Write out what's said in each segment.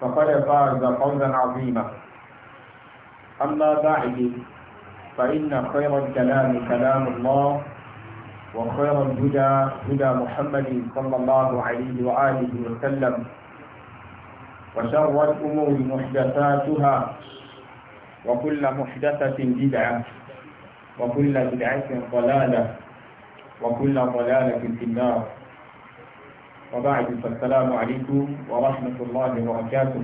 فقد فاز فوزا عظيما أما بعد فإن خير الكلام كلام الله وخير الهدى هدى محمد صلى الله عليه وآله وسلم وشر الأمور محدثاتها وكل محدثة بدعة وكل بدعة ضلالة وكل ضلالة في النار وبعد فالسلام عليكم ورحمة الله وبركاته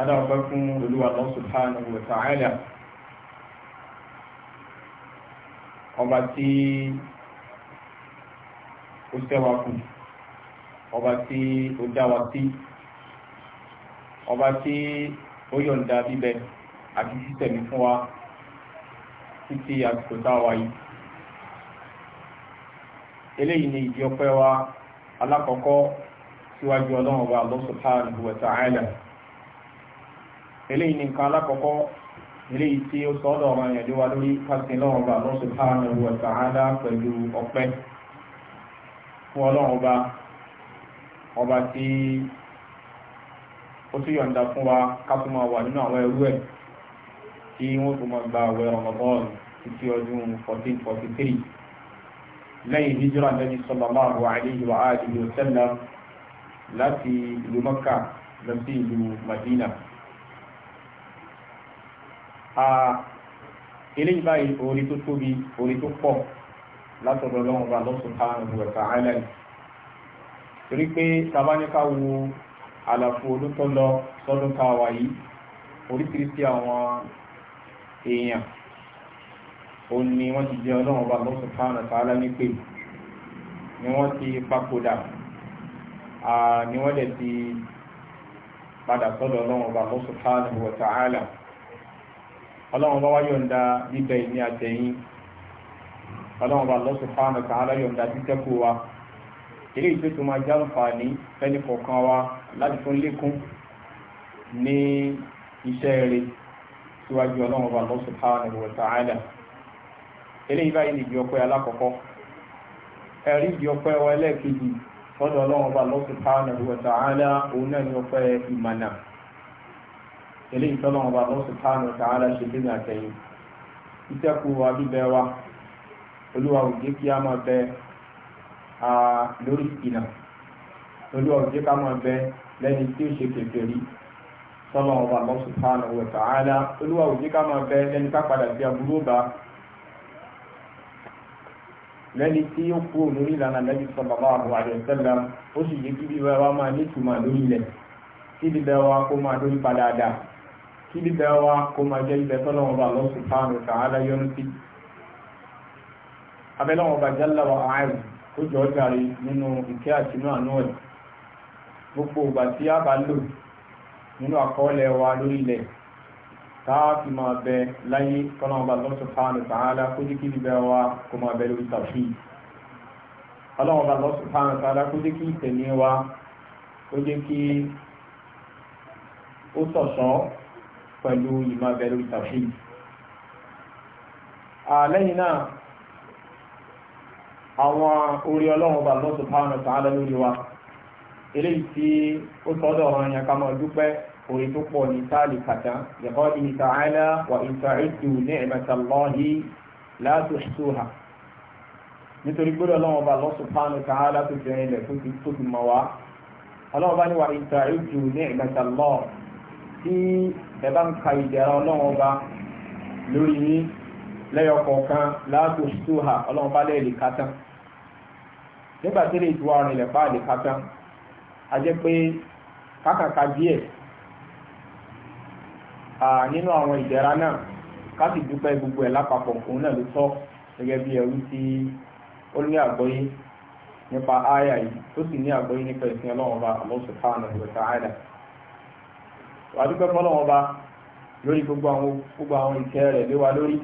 أنا أخبركم لدوى الله سبحانه وتعالى ọba tí ó sẹ́wà kù ọba tí ó dáwà sí ọba tí ó yọ̀ǹda bíbẹ àti sísẹ̀mí fún wa títí àsìkò táwa yìí eléyìí ni ìdí ọpẹ́ wa alákọ̀ọ́kọ́ síwájú ọlọ́run ọba Allah subhanahu wa ta'ala eléyìí ni nǹkan alákọ̀ọ́kọ́ eléyìí tí ó sọ́dọ̀ ọ̀rọ̀ yẹn lé wa lórí kásin ọba Allah subhanahu wa fún ọba ọba tí ó tún fún wa wà nínú àwọn ẹrú 1443 lẹ́yìn hijira nabi sallallahu alayhi wa alihi wa sallam láti ìlú Makka lọ sí ìlú Madina eléyìí báyìí orí tó tóbi orí tó pọ̀ látọ̀dọ̀ lọ́wọ́ bá Allah subhanahu wa ta'ala torí pé tabaníká wo àlàfo olótọ́ lọ sọ́dún káwa yìí oríṣiríṣi àwọn èèyàn ó ní wọ́n ti jẹ ọlọ́run ọba Allah subhanahu wa ta'ala ní pé ni wọ́n ti papòdà ni wọ́n dẹ̀ ti padà sọ́dọ̀ ọlọ́run ọba Allah subhanahu wa ta'ala ọlọ́run ọba wá yọ̀ǹda bíbẹ̀ ìní àtẹ̀yìn ọlọ́run ọba Allah subhanahu wa ta'ala yọ̀ǹda títẹ́kù wa eré ìpè tó máa já àǹfààní fẹ́ni kọ̀ọ̀kan wa láti tún lékún ní iṣẹ́ rẹ̀ síwájú ọlọ́run ọba Allah subhanahu wa eléyìí báyìí nìdí ọpẹ́ alákọ̀ọ́kọ́ ẹ̀rí ìdí ọpẹ́ wa ẹlẹ́ẹ̀kejì sọ́dọ̀ ọlọ́run ọba subhanahu wa ta'ala òun náà ní ọpẹ́ ìmànà eléyìí tọ́lọ́run ọba subhanahu wa ta'ala ṣe dé ní àtẹ̀yìn ìtẹ́kù wa bíbẹ wa olúwa òjé kí a máa bẹ lórí ìnà olúwa òjé ká máa bẹ lẹ́ni tí ó ṣe kèfèrí sọ́lọ́run ọba subhanahu wa ta'ala olúwa òjé ká máa bẹ lẹ́ni ká padà bí aburú bá lẹ́ni tí ó kúrò lórí ìlànà lẹ́bí sallallahu alaihi wasallam ó sì yé kí bíbẹ̀ wa máa nítumọ̀ lórí ilẹ̀ kí bíbẹ̀ wa kó máa lórí padà dà kí bíbẹ̀ wa kó máa jẹ́ ibẹ̀ tọ́lọ́wọ́n bá Allah subhanahu wa ta'ala sí. abẹ́lọ́wọ́n bá jalla wa àárẹ̀ ó jọ jàre nínú ìkẹ́ àti àánú ẹ̀ gbogbo ìgbà tí a bá lò nínú àkọọ́lẹ̀ wa lórí ilẹ̀ káàfi máa bẹ láyé kọ́nà ọba Allah subhanahu wa ta'ala wa kuma ọba subhanahu wa ta'ala kó jẹ́ kí ìtẹ̀lé wa kó jẹ́ kí ó sọ̀sọ́ pẹ̀lú ìmọ̀ abẹ àwọn orí ọlọ́run ọba Allah subhanahu wa ta'ala lórí wa eléyìí tí ó sọ́dọ̀ ọ̀rọ̀ yẹn ká máa dúpẹ́ orí tó pọ̀ ní táàlì kàtà yẹ̀kọ́ ní ta'ala wà in ta'uddu ni'matallahi la tuhsuha nítorí gbọ́dọ̀ lọ́wọ́ bá Allah subhanahu wa ta'ala tó jẹ́ ilẹ̀ tó fi mọ̀ wá ọlọ́wọ́ bá ní wà in ta'uddu ni'matallahi tí ẹ bá ń ka lè kàtà nígbà tí lè a jẹ́ pé kákàkà díẹ̀ nínú àwọn ìdẹ̀ra náà ká sì dúpẹ́ gbogbo ẹ̀ lápapọ̀ òun náà ló tọ́ gẹ́gẹ́ bí ẹrú tí ó ní àgbọ́yé nípa ááyà yìí tó sì ní àgbọ́yé nípa ìsìn ọlọ́run ọba Allah subhanahu wa ta'ala wà dúpẹ́ fọlọ́run ọba lórí gbogbo àwọn gbogbo àwọn ìkẹ́ rẹ̀ lé wa lórí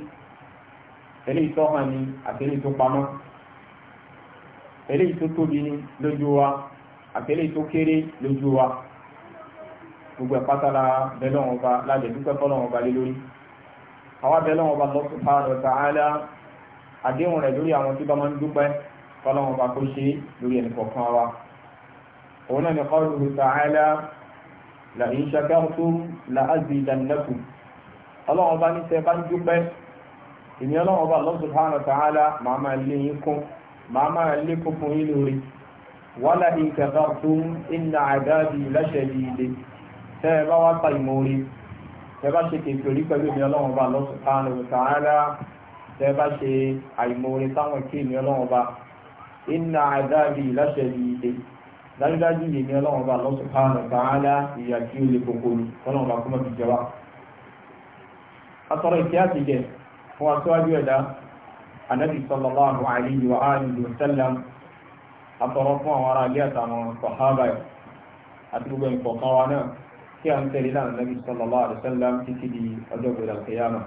eléyìí tó hàn ní àti eléyìí tó pamọ́ eléyìí tó tóbi ní lójú wa àti eléyìí tó kéré lójú wa gbogbo ẹ̀pátálà bẹ́lọ́wọ̀n ọba lájẹ̀ dúpẹ́ fọ́lọ́wọ̀n ọba lé lórí àwọn bẹ́lọ́wọ̀n ọba lọ́sù fáàrọ̀ tààlà àdéhùn rẹ̀ lórí àwọn tí bá máa ń dúpẹ́ fọ́lọ́wọ̀n ọba kó ṣe lórí ẹnì kọ̀ọ̀kan wa òun náà ni qawluhu ta'ala la in shakartum la azidannakum ọlọ́wọ̀n ọba ní sẹ́ bá ń dúpẹ́ ìní tẹ́ ẹ bá wá ta ìmọ̀ orí tẹ́ bá ṣe kèfèrí pẹ̀lú ìmí ọlọ́run ọba Allah subhanahu wa ta'ala tẹ́ bá ṣe àìmọ̀ orí táwọn kí ìmí ọlọ́run ọba inna adhabi lashadid dájúdájú yìí ní ọlọ́run ọba Allah subhanahu wa ta'ala ìyà tí ó le koko ni ọlọ́run ọba kọ́mọ́ fi jẹ wá. asọ̀rọ̀ ìkẹ́ àtijẹ́ fún aṣáájú ẹ̀dá anabi sallallahu alayhi wa alihi wa kí a ń tẹ̀lé náà nàbí sallallahu alaihi wasallam títí di ọjọ́ gbèrè alkiyama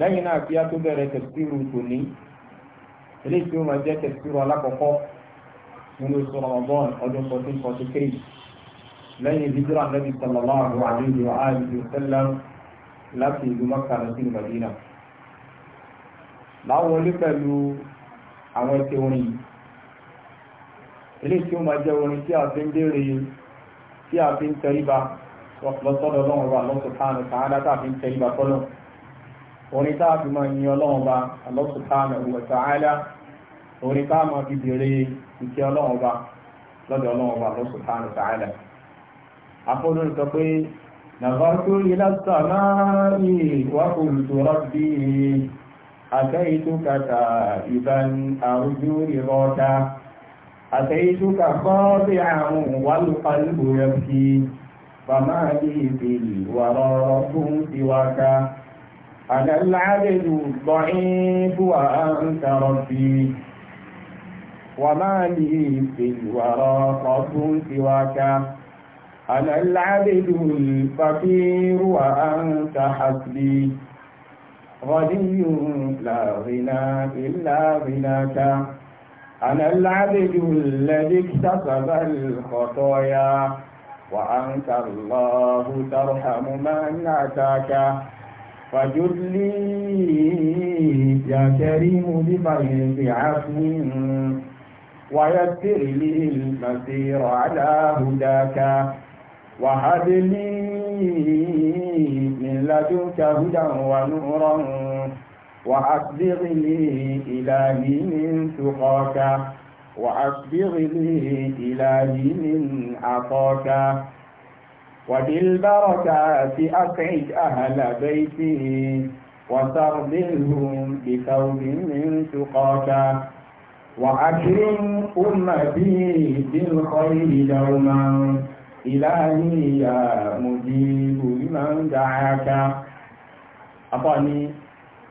lẹ́yìn náà kí a tó bẹ̀rẹ̀ tẹ̀síru tòní eléyìí tí ó máa jẹ́ tẹ̀síru alákọ̀ọ́kọ́ nínú oṣù Ramadan ọdún 1443 lẹ́yìn hijira nàbí sallallahu alaihi wa alihi wasallam láti ìlú Makka lọ sí Madina láwọn olé pẹ̀lú àwọn ẹ̀kẹ́ orin eléyìí tí ó máa jẹ́ orin tí a fi ń béèrè tí a fi ń tẹríba lọ́sọ́dọ̀ ọlọ́run ọba Allah subhanahu wa ta'ala tá a fi ń tẹríba tọ́lọ̀ orin tá fi máa yin ọlọ́run ọba Allah subhanahu wa ta'ala orin tá a máa fi bèrè ìkẹ́ ọlọ́run ọba lọ́dọ̀ ọlọ́run ọba Allah subhanahu wa ta'ala àfọ́dún sọ pé نظرت إلى السماء وقلت ربي أتيتك تائبا أرجو رضاك أتيتك خاضعا والقلب يبكي فما لي في الورى رب سواك أنا العبد الضعيف وأنت ربي وما لي في الورى رب سواك أنا العبد الفقير وأنت حسبي غني لا غنى إلا غناك أنا العبد الذي اكتسب الخطايا وأنت الله ترحم من أتاك فجد لي يا كريم بفيض عفو ويسر لي المسير على هداك وهب لي من لدنك هدى ونورا وأصبغني إلهي من تقاك وأصبغني إلهي من عطاك وبالبركات أسعد أهل بيتي وترضيهم بثوب من تقاك وأكرم أمتي بالخير دوما إلهي يا مجيب لمن دعاك أطاني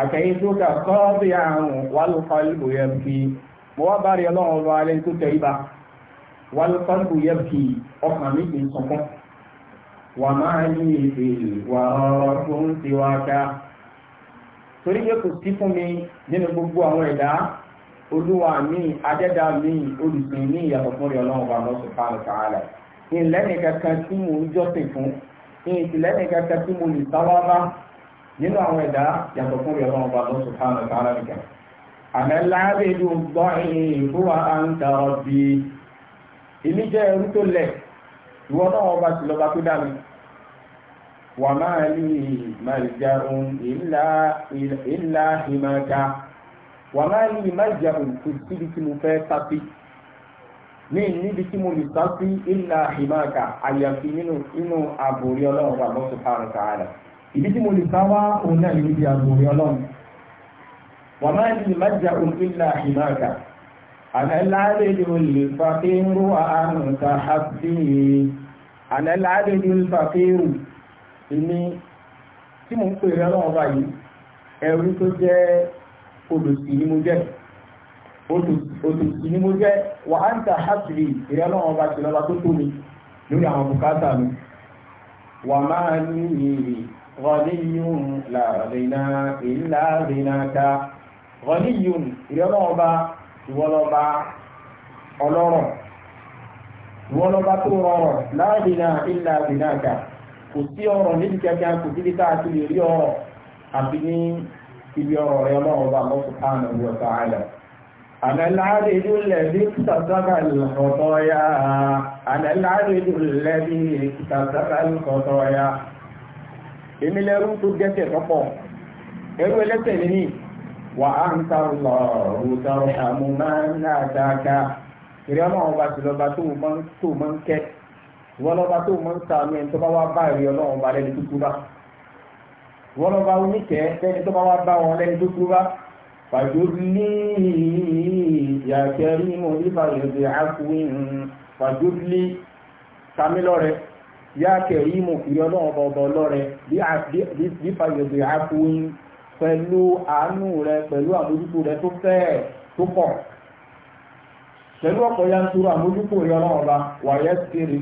àkẹ́yìntúkà kọ́ọ̀bí àrùn wálùkọ́lù yẹ́bùkì mo wá bá rí ọlọ́run ọba alẹ́ tó tẹ̀ ibà wálùkọ́lù yẹ́bùkì ọkàn mi kì í sọkún wà máa ní ìfè wà ọ̀rọ̀ tó ń ti wá ká torí pé kò sí fún mi nínú gbogbo àwọn ẹ̀dá olúwa mi adẹ́dá mi olùsìn ní ìyàtọ̀ fún rí ọlọ́run ọba lọ́sùn fáàlù fàálà ìlẹ́nìkankan tí mo ń jọ́sìn fún ìtìlẹ́nìkankan tí mo lè sáwá bá nínú àwọn ẹ̀dá yàtọ̀ fún ìyọ̀ ọlọ́run bàbá sùhánà tààrà nìkan àmẹ́láàbẹ̀dù gbọ́ ìrìn fún wa à ń tàrọ bí ilé jẹ́ ẹrú tó lẹ̀ ìwọ náà ọba sì lọ́ba tó dá mi wà máa ní ìmàlìjàun ìlà ìmàga wà máa ní ìmàlìjàun kò síbi tí mo fẹ́ sáfí ní níbi tí mo lè sáfí ìlà ìmàga àyàfi nínú àbòrí ọlọ́run bàbá sùhánà tààrà nìkan ìdí tí mo lè ká wá òun náà lè di àgbòrí ọlọ́run wà máa ní ìmájà òmìnira ìmáàkà àlẹ́láàrẹ́dì olùfàkérò àrùntà àbíyè àlẹ́láàrẹ́dì olùfàkérò ìní tí mo ń pè rẹ ọlọ́run báyìí ẹrú tó jẹ́ olùsìn ni mo jẹ́ olùsìn ni mo jẹ́ wà á ń ta àbíyè ìrẹ́lọ́run ọba tìlọ́ba tó tó mi lórí àwọn bùkátà mi wà máa ní ìrìn غني لا غنى إلا غناك غني ìrẹ́lọ́ọba ìwọlọ́ba ọlọ́rọ̀ ìwọlọ́ba tó rọrọ̀ la ghina illa ghinaka kò sí ọrọ̀ níbi kẹ́kẹ́ kò sí bí káàkiri rí ọrọ̀ àfi ní ibi ọrọ̀ rẹ ọlọ́ọba أنا العبد الذي اكتسب الخطايا أنا العبد الذي اكتسب الخطايا èmi lẹ́rú tó gẹ́sẹ̀ tọ́pọ̀ ẹrú ẹlẹ́sẹ̀ ní ní wà á ń ta lọ òòtà àmú máa ń ná àdáadáa ìrẹ́ ọlọ́run ọba sí lọ́ba tó o máa ń kẹ́ ìwọ́n lọ́ba tó o máa ń sàánú ẹni tó bá wá bá ìrẹ́ ọlọ́run ọba lẹ́ni tó túbá ìwọ́n lọ́ba oníkẹ́ lẹ́ni tó bá wá bá wọn lẹ́ni tó túbá fàjọ́lì yàtẹ̀rí mo nípa ìrẹ̀dẹ̀ àkùnrin fàjọ́lì kamilọ́rẹ̀ yá kẹ̀rímù ìrẹ́ ọlọ́run bọ̀bọ̀ ọlọ́rẹ bí fàyọ̀dì àfúyín pẹ̀lú àánú rẹ pẹ̀lú àmójútó rẹ tó fẹ́ tó pọ̀ pẹ̀lú ọ̀pọ̀ yanturu àmójútó rẹ ọlọ́run bá wàyẹ́ sèrè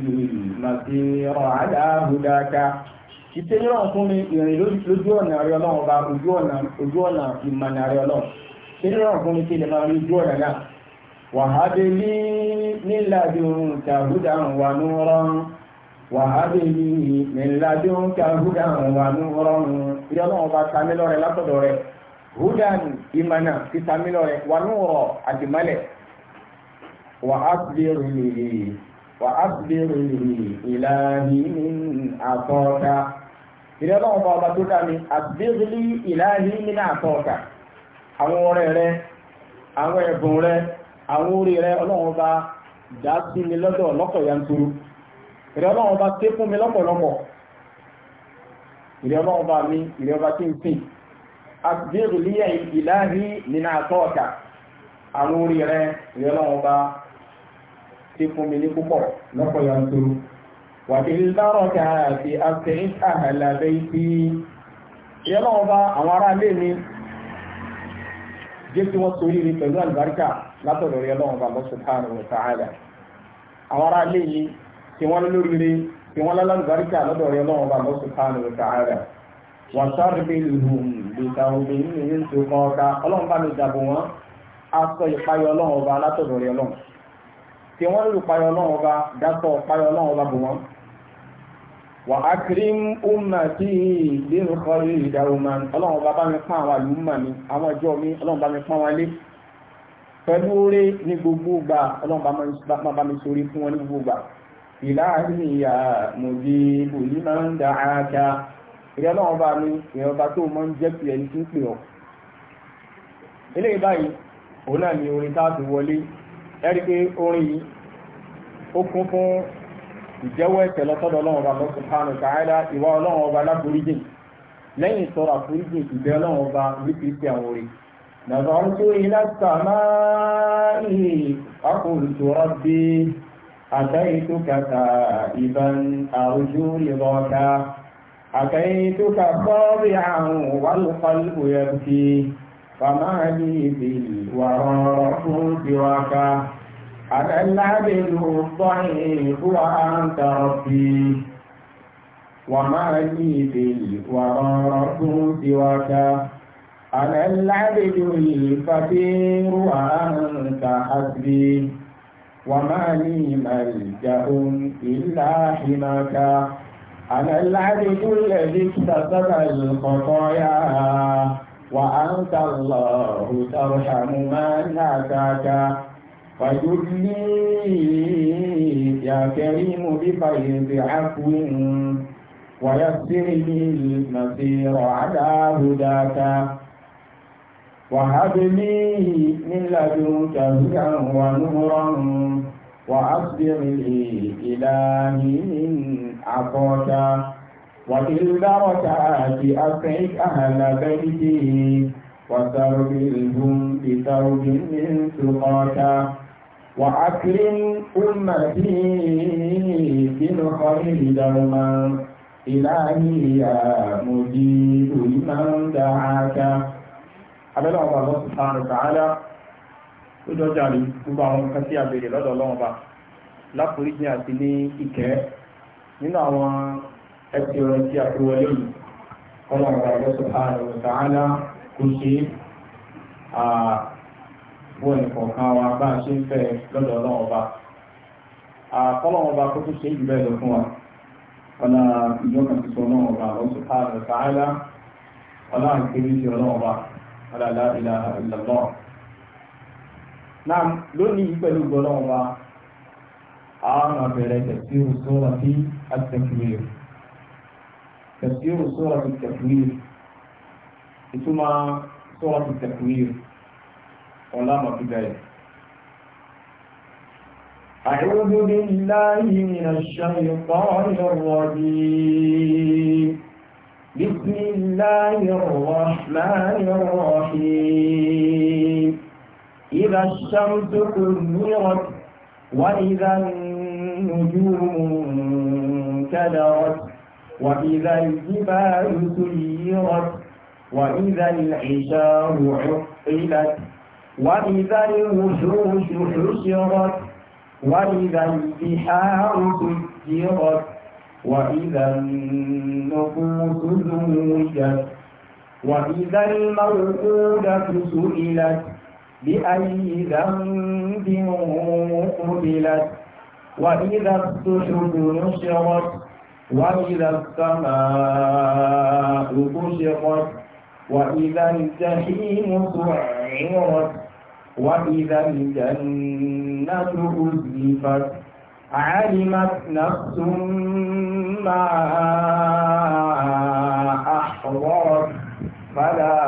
màtí rọ̀ àdáhùdáká ìtẹ́yìn náà fún mi ìrìn lójú ọ̀nà rẹ ọlọ́run bá ojú ọ̀nà ìmọ̀nà rẹ ọlọ́run ìtẹ́yìn náà fún mi kí lè máa rí ojú ọ̀nà náà wà ní rọrùn wàhábìlì mìládùn ká húdàn wà ní ọrọ̀run ilé ọlọ́run bá samílọ rẹ látọ̀dọ̀ rẹ húdàn ìmọ̀nà ti samílọ rẹ wà ní ọrọ̀ àdìmọ́lẹ̀ wàhábìlì ìlàhì ní àtọ́ka ilé ọlọ́run bá ọba tó dá mi àbílì ìlàhì ní àtọ́ka àwọn ọ̀rẹ́ rẹ àwọn ẹ̀bùn rẹ àwọn orí rẹ ọlọ́run bá dá sí lọ́dọ̀ lọ́kọ̀ yanturu. ìrẹ́ ọlọ́run bá ké fún mi lọ́pọ̀lọpọ̀ ìrẹ́ ọlọ́run mi ìrẹ́ ọba tí ń pè àgbèrò níyà ìlàhí nínú àtọ́ ọ̀tà àwọn orí rẹ ìrẹ́ ọlọ́run bá fún mi ní púpọ̀ lọ́pọ̀ yanturu wàtí ìlbárọ̀kà àti àtẹ̀yìn àhàlàbẹ̀ ìpí ìrẹ́ ọlọ́run bá àwọn ará ilé mi jẹ́ kí wọ́n sórí rí pẹ̀lú àlùbáríkà látọ̀dọ̀ ìrẹ́ ọlọ́run bá tí wọ́n lóríire tí wọ́n lálàbáríkà lọ́dọ̀ rẹ lọ́wọ́ bá lọ́sù kánú káàrà wọ́n sáré lùhùn lùtà òbí nínú yìí tó kàn ọ́ta ọlọ́run bá mi dàbò wọn aṣọ ìpayọ ọlọ́run ọba látọ̀dọ̀ rẹ lọ́wọ́ tí wọ́n lù payọ ọlọ́run ọba dátọ̀ payọ ọlọ́run ọba bò wọ́n. wà á kiri umma tí ìdíhùn kọ́ rí ìdáwó máa ń mi pọ́n àwọn àlùmọ́ mi àwọn ọjọ́ mi ọlọ́run bá mi pọ́n wọn lé pẹ̀lú oore ní gbogbo gbà ọlọ́run bá mi sórí fún wọn ní gbogbo gbà ìlàáhìyà mòjì bòlí máa ń da àáká ìrẹ́ náà bá mi ìrẹ́ ọba tó mọ́ ń jẹ́ pé ẹni tí ń pè ọ́ eléyìí báyìí òun náà ni orin táàtù wọlé ẹ̀rí pé orin yìí ó kún fún ìjẹ́wọ́ ẹ̀ṣẹ̀ lọ́sọ́dọ̀ ọlọ́run ọba lọ́sùn pánù káàdá ìwà ọlọ́run ọba láforíjì lẹ́yìn ìtọ́rọ̀ àforíjì ìbẹ́ ọlọ́run ọba oríṣiríṣi àwọn orin nàzọ́rọ́ tó ilé sàmáà ìhì أتيتك تائبا أرجو رضاك أتيتك خاضعا والقلب يبكي فما لي بالورى رفوت سواك أنا العبد الضعيف وأنت ربي وما لي بالورى رفوت سواك أنا العبد الفقير وأنت حسبي وما لي ملجأ إلا حماك أنا العبد الذي اكتسب الخطايا وأنت الله ترحم من أتاك فجد لي يا كريم بفيض عفو ويسر لي المسير على هداك وهب لي من لدنك هدى ونورا وأصبر لي إلهي من عطاك وبالبركات أسعد أهل بيتي وتربلهم بثوب من سقاك وأكرم أمتي بالخير دوما إلهي يا مجيب لمن دعاك abẹ́lẹ̀ ọba lọ sí sàánù tààlà ó dọ́jà rí gbogbo àwọn nǹkan tí a béèrè lọ́dọ̀ ọlọ́run ba láforíjì àti ní ìkẹ́ nínú àwọn ẹtì ọ̀rọ̀ tí a fi wọlé yìí ọlọ́run ọba lọ sí sàánù tààlà kò ṣe àwọn ìkọ̀ọ̀kan wa bá a ṣe ń fẹ́ lọ́dọ̀ lọ́sùn káàdùn káàdà ọlọ́run kéré sí ọlọ́run ọba alàlá ìlà ìlànà náà lónìí pẹ̀lú gbọ́dọ̀ wa àwọn àbẹ̀rẹ̀ tẹ̀síwò sọ́ra sí àtẹ̀kùnrin tẹ̀síwò sọ́ra sí tẹ̀kùnrin ìtumọ̀ sọ́ra sí tẹ̀kùnrin ọ̀la màfibẹ̀rẹ̀. أعوذ بالله من الشيطان الرجيم بسم الله الرحمن الرحيم إذا الشمس كذرت وإذا النجوم كدرت وإذا الجبال سيرت وإذا العشار عقلت وإذا الوحوش حشرت وإذا البحار سجرت وإذا النفوس زوجت وإذا الموءودة سئلت بأي ذنب قتلت وإذا السحب نشرت وإذا السماء كشطت وإذا الجحيم سعرت وإذا الجنة أزلفت علمت نفس ما أحضرت فلا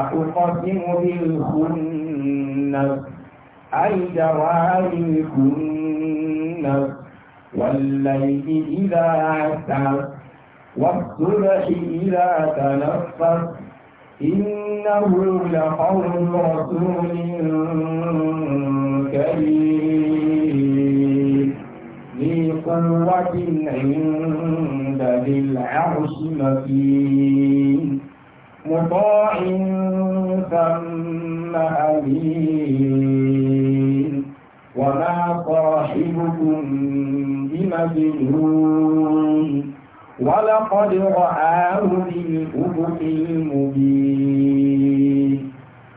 أقسم بالخنس أي جوار الكنس والليل إذا عسعس والصبح إذا تنفس إنه لقول رسول كريم قوة عند ذي العرش مكين مطاع ثم أمين وما صاحبكم بمجنون ولقد رآه بالأفق المبين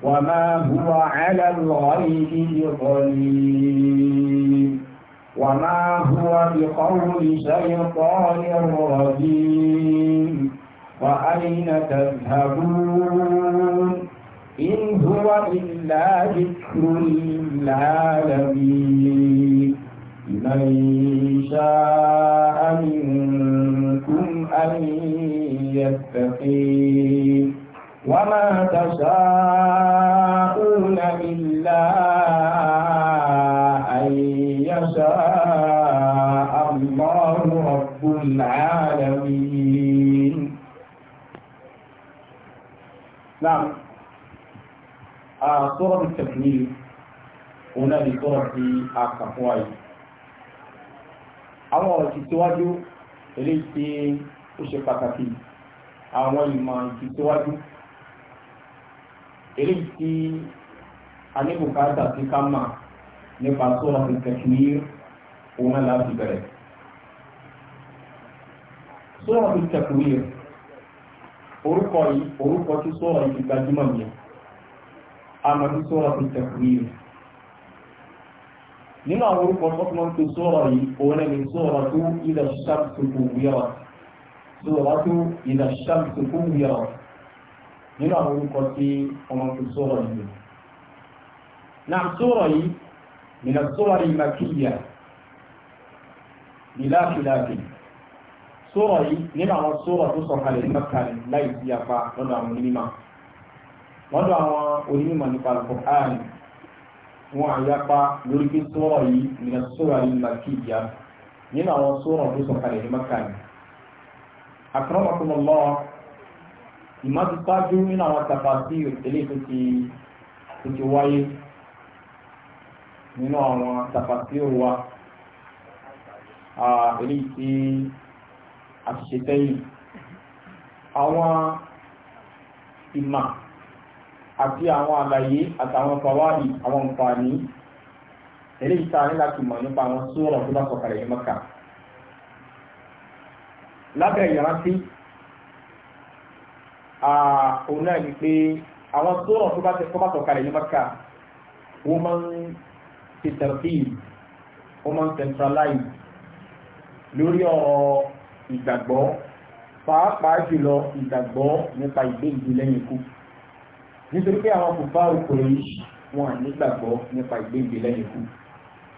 وما هو على الغيب بضليل وما هو بقول شيطان رجيم وأين تذهبون إن هو إلا ذكر للعالمين لمن شاء منكم أن يتقي وما تشاء نعم صورة التكميل هنا لصورة التقوى àwọn ọ̀rọ̀ ti síwájú eléyìí tí ó ṣe pàtàkì àwọn ìmọ̀ ti síwájú eléyìí tí a ní bùkátà sí ká mà nípa sọ́rọ̀ al-takmīl òun láti bẹ̀rẹ̀ sọ́rọ̀ al-takmīl orúkọ yìí orúkọ tí sọ́rọ̀ yìí gbajúmọ̀ yẹn àmọ́ tí sọ́rọ̀ ti tẹ̀kù yìí nínú àwọn orúkọ tọ́kùnmọ́ tó sọ́rọ̀ yìí òun ẹni sọ́rọ̀ tó ilẹ̀ ṣàkóso wíyàwó sọ́rọ̀ tó ilẹ̀ ṣàkóso wíyàwó nínú àwọn orúkọ tí ọmọ tó sọ́rọ̀ yìí náà sọ́rọ̀ yìí nínú sọ́rọ̀ yìí màkìyà níláàfíláàfíì sórọ̀ yìí nínú àwọn sórọ̀ tó sọ̀kalẹ̀ ní mẹ́ta ní láì sí apá lọ́dọ̀ àwọn onímọ̀ lọ́dọ̀ àwọn onímọ̀ nípa Al-Qur'an wọn àyapa lórí pé sórọ̀ yìí nínú sórọ̀ yìí màkìyà nínú àwọn sórọ̀ tó sọ̀kalẹ̀ ní mẹ́ta ní. akramakumullah ìmáàtú sáájú nínú àwọn tàfàtì eléyìí tó tó ti wáyé nínú àwọn tàfàtì wa eléyìí àti ṣètẹ́yìn àwọn ìmà àti àwọn àlàyé àtàwọn fàwáàdì àwọn nǹfààní eléyìí tá a ní láti mọ̀ nípa àwọn sóòrọ̀ tó bá sọ̀kalẹ̀ yìí mọ́kà lábẹ́ ìrántí òun náà ni pé àwọn sóòrọ̀ tó bá sọ̀kalẹ̀ yìí mọ́kà wọ́n máa ń ṣe tẹ̀rẹ̀fì wọ́n máa ń centralize lórí ọ̀rọ̀ ìgbàgbọ́ pàápàá jùlọ ìgbàgbọ́ nípa ìgbé ìlú lẹ́yìn ikú nítorí pé àwọn kò bá òkò yìí wọn nígbàgbọ́ nípa ìgbé ìlú lẹ́yìn ikú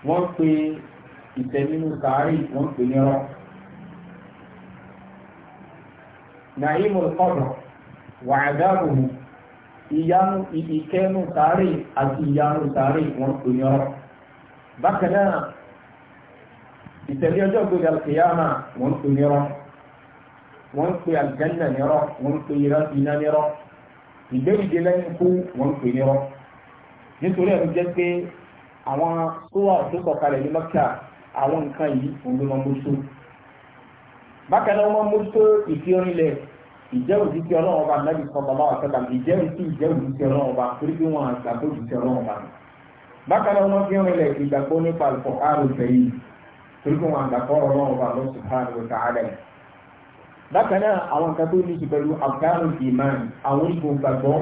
wọ́n pe ìtẹ́ nínú sàárì wọ́n pe ní rán nàímù kọ̀dọ̀ wà àdáàbòmù ìyanu ìkẹ́nu sàárì àti ìyanu sàárì wọ́n pe ní rán bákan náà ìtẹ̀lé ọjọ́ gbogbo alkiyama wọ́n ń pè nírọ́ wọ́n ń pè aljanna nírọ́ wọ́n ń pè iná nírọ́ ìgbéyìde lẹ́yìn kú wọ́n ń pè nírọ́ nítorí ẹ̀rù jẹ́ pé àwọn tó wà tó sọ̀kalẹ̀ ní mọ́kà àwọn nǹkan yìí òun ló máa mójútó bákan náà wọ́n mójútó ìfiorinlẹ̀ ìjẹ́rìí ti ọlọ́run ọba nàbì sọ̀tọ̀ bá wà sọ̀tà ìjẹ́rìí sí ìjẹ́rìí ti ọlọ́run ọba torí pé wọ́n àgbàgbọ́ ìjẹ́rìí ọlọ́run ọba bákan náà wọ́n fi hàn ilẹ̀ ìgbàgbọ́ nípa ìfọ̀kárò fẹ̀yìn torípé wọn àgbàkọ́rọ̀ lọ́wọ́ bá lọ́wọ́ subhanahu wa ta'ala bákan náà àwọn kan tó ní ti pẹ̀lú afghanu iman àwọn orígun gbàgbọ́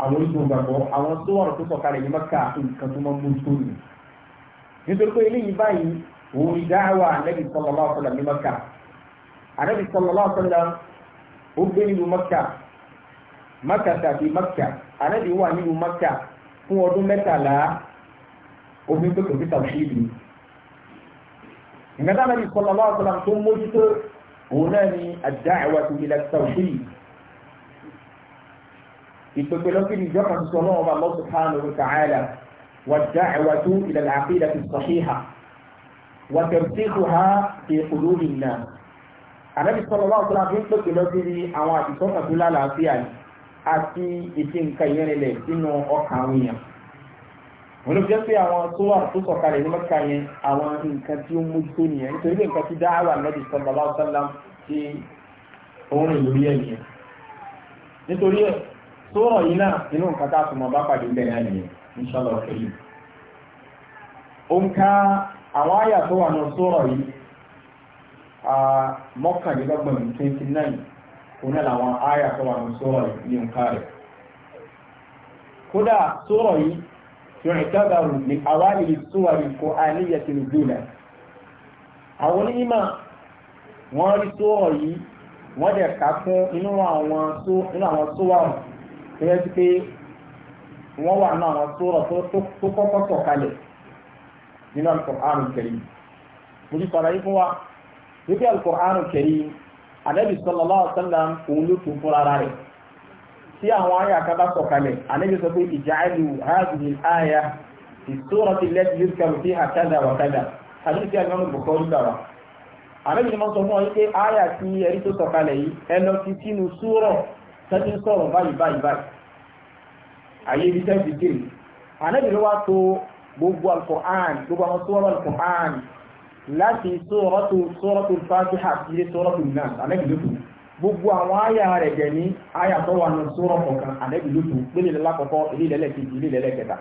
àwọn orígun gbàgbọ́ àwọn tó wà tó sọ̀kalẹ̀ ní maka nǹkan tó máa ń mú tó nù nítorí pé eléyìí báyìí òun ìdáhàwà anábì sallallahu alaihi wasallam ní maka anábì sallallahu alaihi ó gbé nínú maka maka tàbí maka anábì wà nínú maka fún ọdún mẹ́tàlá omi pé kò ìgbàdá nàbí sallallahu alaihi wasallam tó mójútó òun náà ni ad-da'watu ila at-tawhid ìpèpè lọ́kìlì ìjọba ti sọ náà ọba Allah subhanahu wa ta'ala wad-da'watu ila al-aqidati as-sahiha wa tarsikhuha fi qulubi an-nas ànábì sallallahu alaihi wasallam fi ń pèpè lọ́kìlì àwọn àtìsọ́kàn tó lálàáfíà àti ìṣe nǹkan ìyẹn wọn ló jẹ́ pé àwọn tó wà tó sọ̀kalẹ̀ ní mọ́ta yẹn àwọn nǹkan tí ó mójútó nìyẹn nítorí pé nǹkan tí dáhàwà nẹ́bí sallallahu alaihi wasallam ti òun rìn lórí ẹ̀ nìyẹn nítorí ẹ̀ sóòrọ̀ yìí náà inú nǹkan tá a sọ̀mọ̀ bá pàdé ń bẹ̀rẹ̀ nìyẹn inshallah kẹ́lì òǹkà àwọn àyà tó wà náà sóòrọ̀ yìí mọ́kànlélọ́gbọ̀n twenty nine òun náà làwọn àyà tó يعتبر من أوائل الصور القرآنية نزولا àwọn onímọ̀ wọ́n rí sóhọ̀ yìí wọ́n dẹ̀ ká fún inú àwọn sóhọ̀ tẹ́lẹ̀ sí pé wọ́n wà náà àwọn Al-Qur'anul Karim mo ti sọ̀rọ̀ yìí al tí àwọn ayà kan bá sọ̀kalẹ̀ ànábì sọ pé ij'alu hadhihi al-aya fi surati allati yuzkaru fiha kadha wa kadha àdúgbò tí àgbọn bùkọ́ ń gbàrà ànábì ni wọ́n sọ fún ọ pé ayà tí ẹ̀rí tó sọ̀kalẹ̀ yìí ẹ lọ sí sínú súrọ̀ tẹ́tí ń sọ̀rọ̀ báyìí báyìí báyìí àyè ibi tẹ́ fi kiri ànábì ló wá láti suratu suratu al sí suratu an-Nas gbogbo àwọn àyà rẹ̀ jẹ̀ ní àyà tó wà ní sórọ̀ kọ̀ọ̀kan àdẹ́bì lótú pélé lákọ̀ọ́kọ́ ilé ìlẹ́lẹ́kejì ilé ìlẹ́lẹ́kẹta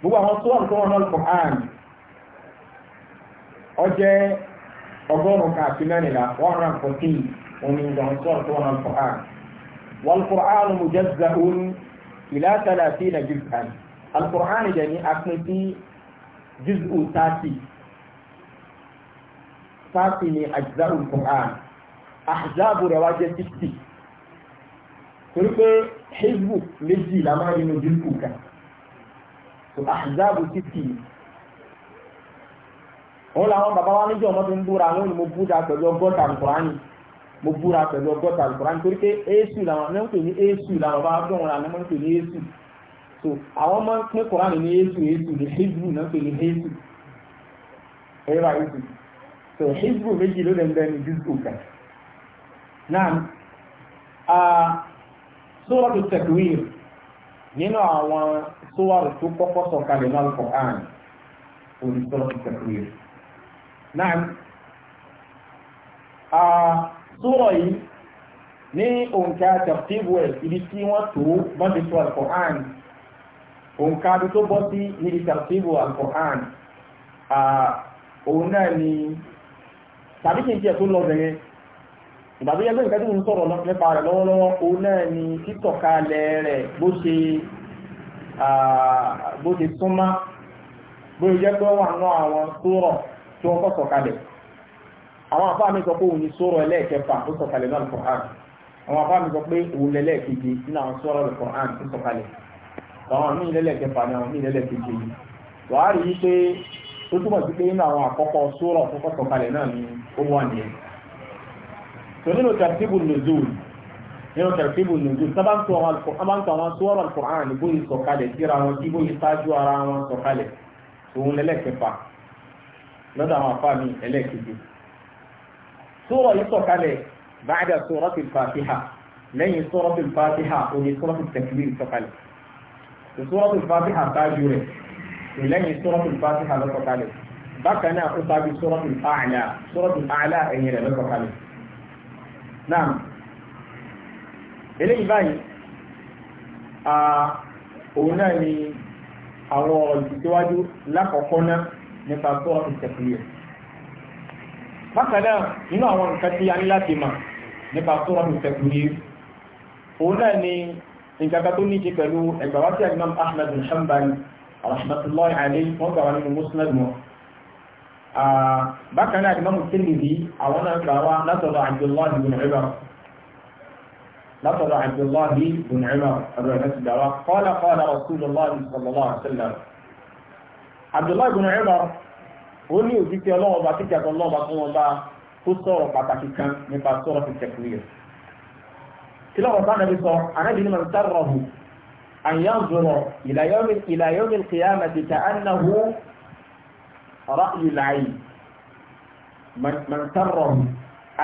gbogbo àwọn sórọ̀ tó wà ní Al-Qur'an ọjẹ́ ọgọ́rùn-ún kàfi ni ajza'ul àzáàbò rẹ̀ wá jẹ́ sixty torí pé hezbo méjì la máa nínú dínkù kan so àzáàbò sixty òun làwọn bàbá wa níjọ́ ọmọ tó ń búra àwọn ni mo búra pẹ̀lú ọgọ́ta àlùkùránì mo búra pẹ̀lú ọgọ́ta àlùkùránì torí pé éésù làwọn ní wọ́n pè ní éésù làwọn bá dùn wọn àná wọ́n ní éésù so àwọn máa ń kùránì ní éésù éésù ní hezbo náà pè ní hezbo ẹ̀rọ àyèsù so hezbo méjì ló lè ń bẹ́ẹ̀ ní dínkù kan. Naam. Ah, Sura Takwir nínú àwọn sura tó kọ́kọ́ sọ̀kalẹ̀ náà quran òní Sura Takwir. Naam. Ah, Sura yìí ní òǹkà Tafsirwell ibi tí wọ́n tó bọ́dé Al-Qur'an. Òǹkà bí tó bọ́ sí níbi Al-Qur'an. Ah, òun ni tàbí kí n tiẹ̀ tó lọ ìgbàtí yẹ́gbẹ́ ìkẹ́jú ń sọ̀rọ̀ nípa rẹ̀ lọ́wọ́lọ́wọ́ o náà ni títọ̀kalẹ̀ rẹ̀ bó ṣe súnmá bó ṣe jẹ́ pé wà náà àwọn sórọ̀ tí wọ́n kọ́ àwọn àfáà mi sọ pé òun ni sórọ̀ ẹlẹ́ẹ̀kẹfà tó sọ̀kalẹ̀ náà àwọn àfáà mi sọ pé òun nínú àwọn sórọ̀ tó sọ̀kalẹ̀ àwọn míì lẹ́lẹ́ẹ̀kẹfà ni àwọn míì yìí wàá rí i pé ó túmọ̀ sí pé nínú àwọn tó nínú tàbíbù nùzúl nínú tàbíbù nùzúl sábà ń tọ́ àwọn sọ́ọ̀rọ̀ alukur'an bó yìí sọ̀kalẹ̀ síra wọn kí bó yìí sáájú ara wọn sọ̀kalẹ̀ òun lẹ́lẹ́kẹfà lọ́dọ̀ àwọn afá mi ẹlẹ́kẹjì sọ́ọ̀rọ̀ yìí sọ̀kalẹ̀ báyìí sọ́ọ̀rọ̀ ti fàtíhà lẹ́yìn sọ́ọ̀rọ̀ ti fàtíhà òní sọ́ọ̀rọ̀ ti tẹ̀kílì sọ̀kalẹ̀ sọ́ọ̀rọ̀ ti fàtíhà sáájú rẹ̀ lẹ́yìn sọ́ọ̀rọ̀ ti fàtíhà lọ́sọ̀kalẹ̀ bákan náà ó sáájú sọ́ọ̀rọ̀ ti àlà sọ́ọ̀rọ̀ ti àlà ẹ̀yìn rẹ̀ lọ́sọ̀kalẹ̀ náà eléyìí báyìí òun náà ni àwọn ìtìsíwájú lákọ̀ọ́kọ́ náà nípa tó ìtẹ̀kùlẹ̀ bákanáà nínú àwọn nǹkan tí a ní láti mà nípa tó ìtẹ̀kùlẹ̀ òun náà ni nǹkan tó ní ṣe pẹ̀lú ẹgbàwá tí Imam Ahmad bin Hanbal rahmatullahi alayhi wọ́n gbà wá Ah, bákan náà Imam Tirmidhi àwọn náà gbà wá látọ̀dọ̀ Abdullahi ibn Umar لفظ عبد الله بن عمر الرئيس قال قال رسول الله صلى الله عليه وسلم عبد الله بن عمر ó ní òjíṣẹ́ ọlọ́run ọba kíkẹ́ àti ọlọ́run ọba tó wọn bá tó sọ̀rọ̀ pàtàkì kan nípa sọ̀rọ̀ fi tẹ̀kùrìyà kí lọ́wọ́ bá nàbí sọ anábì ní màá sáré رأي العين من سره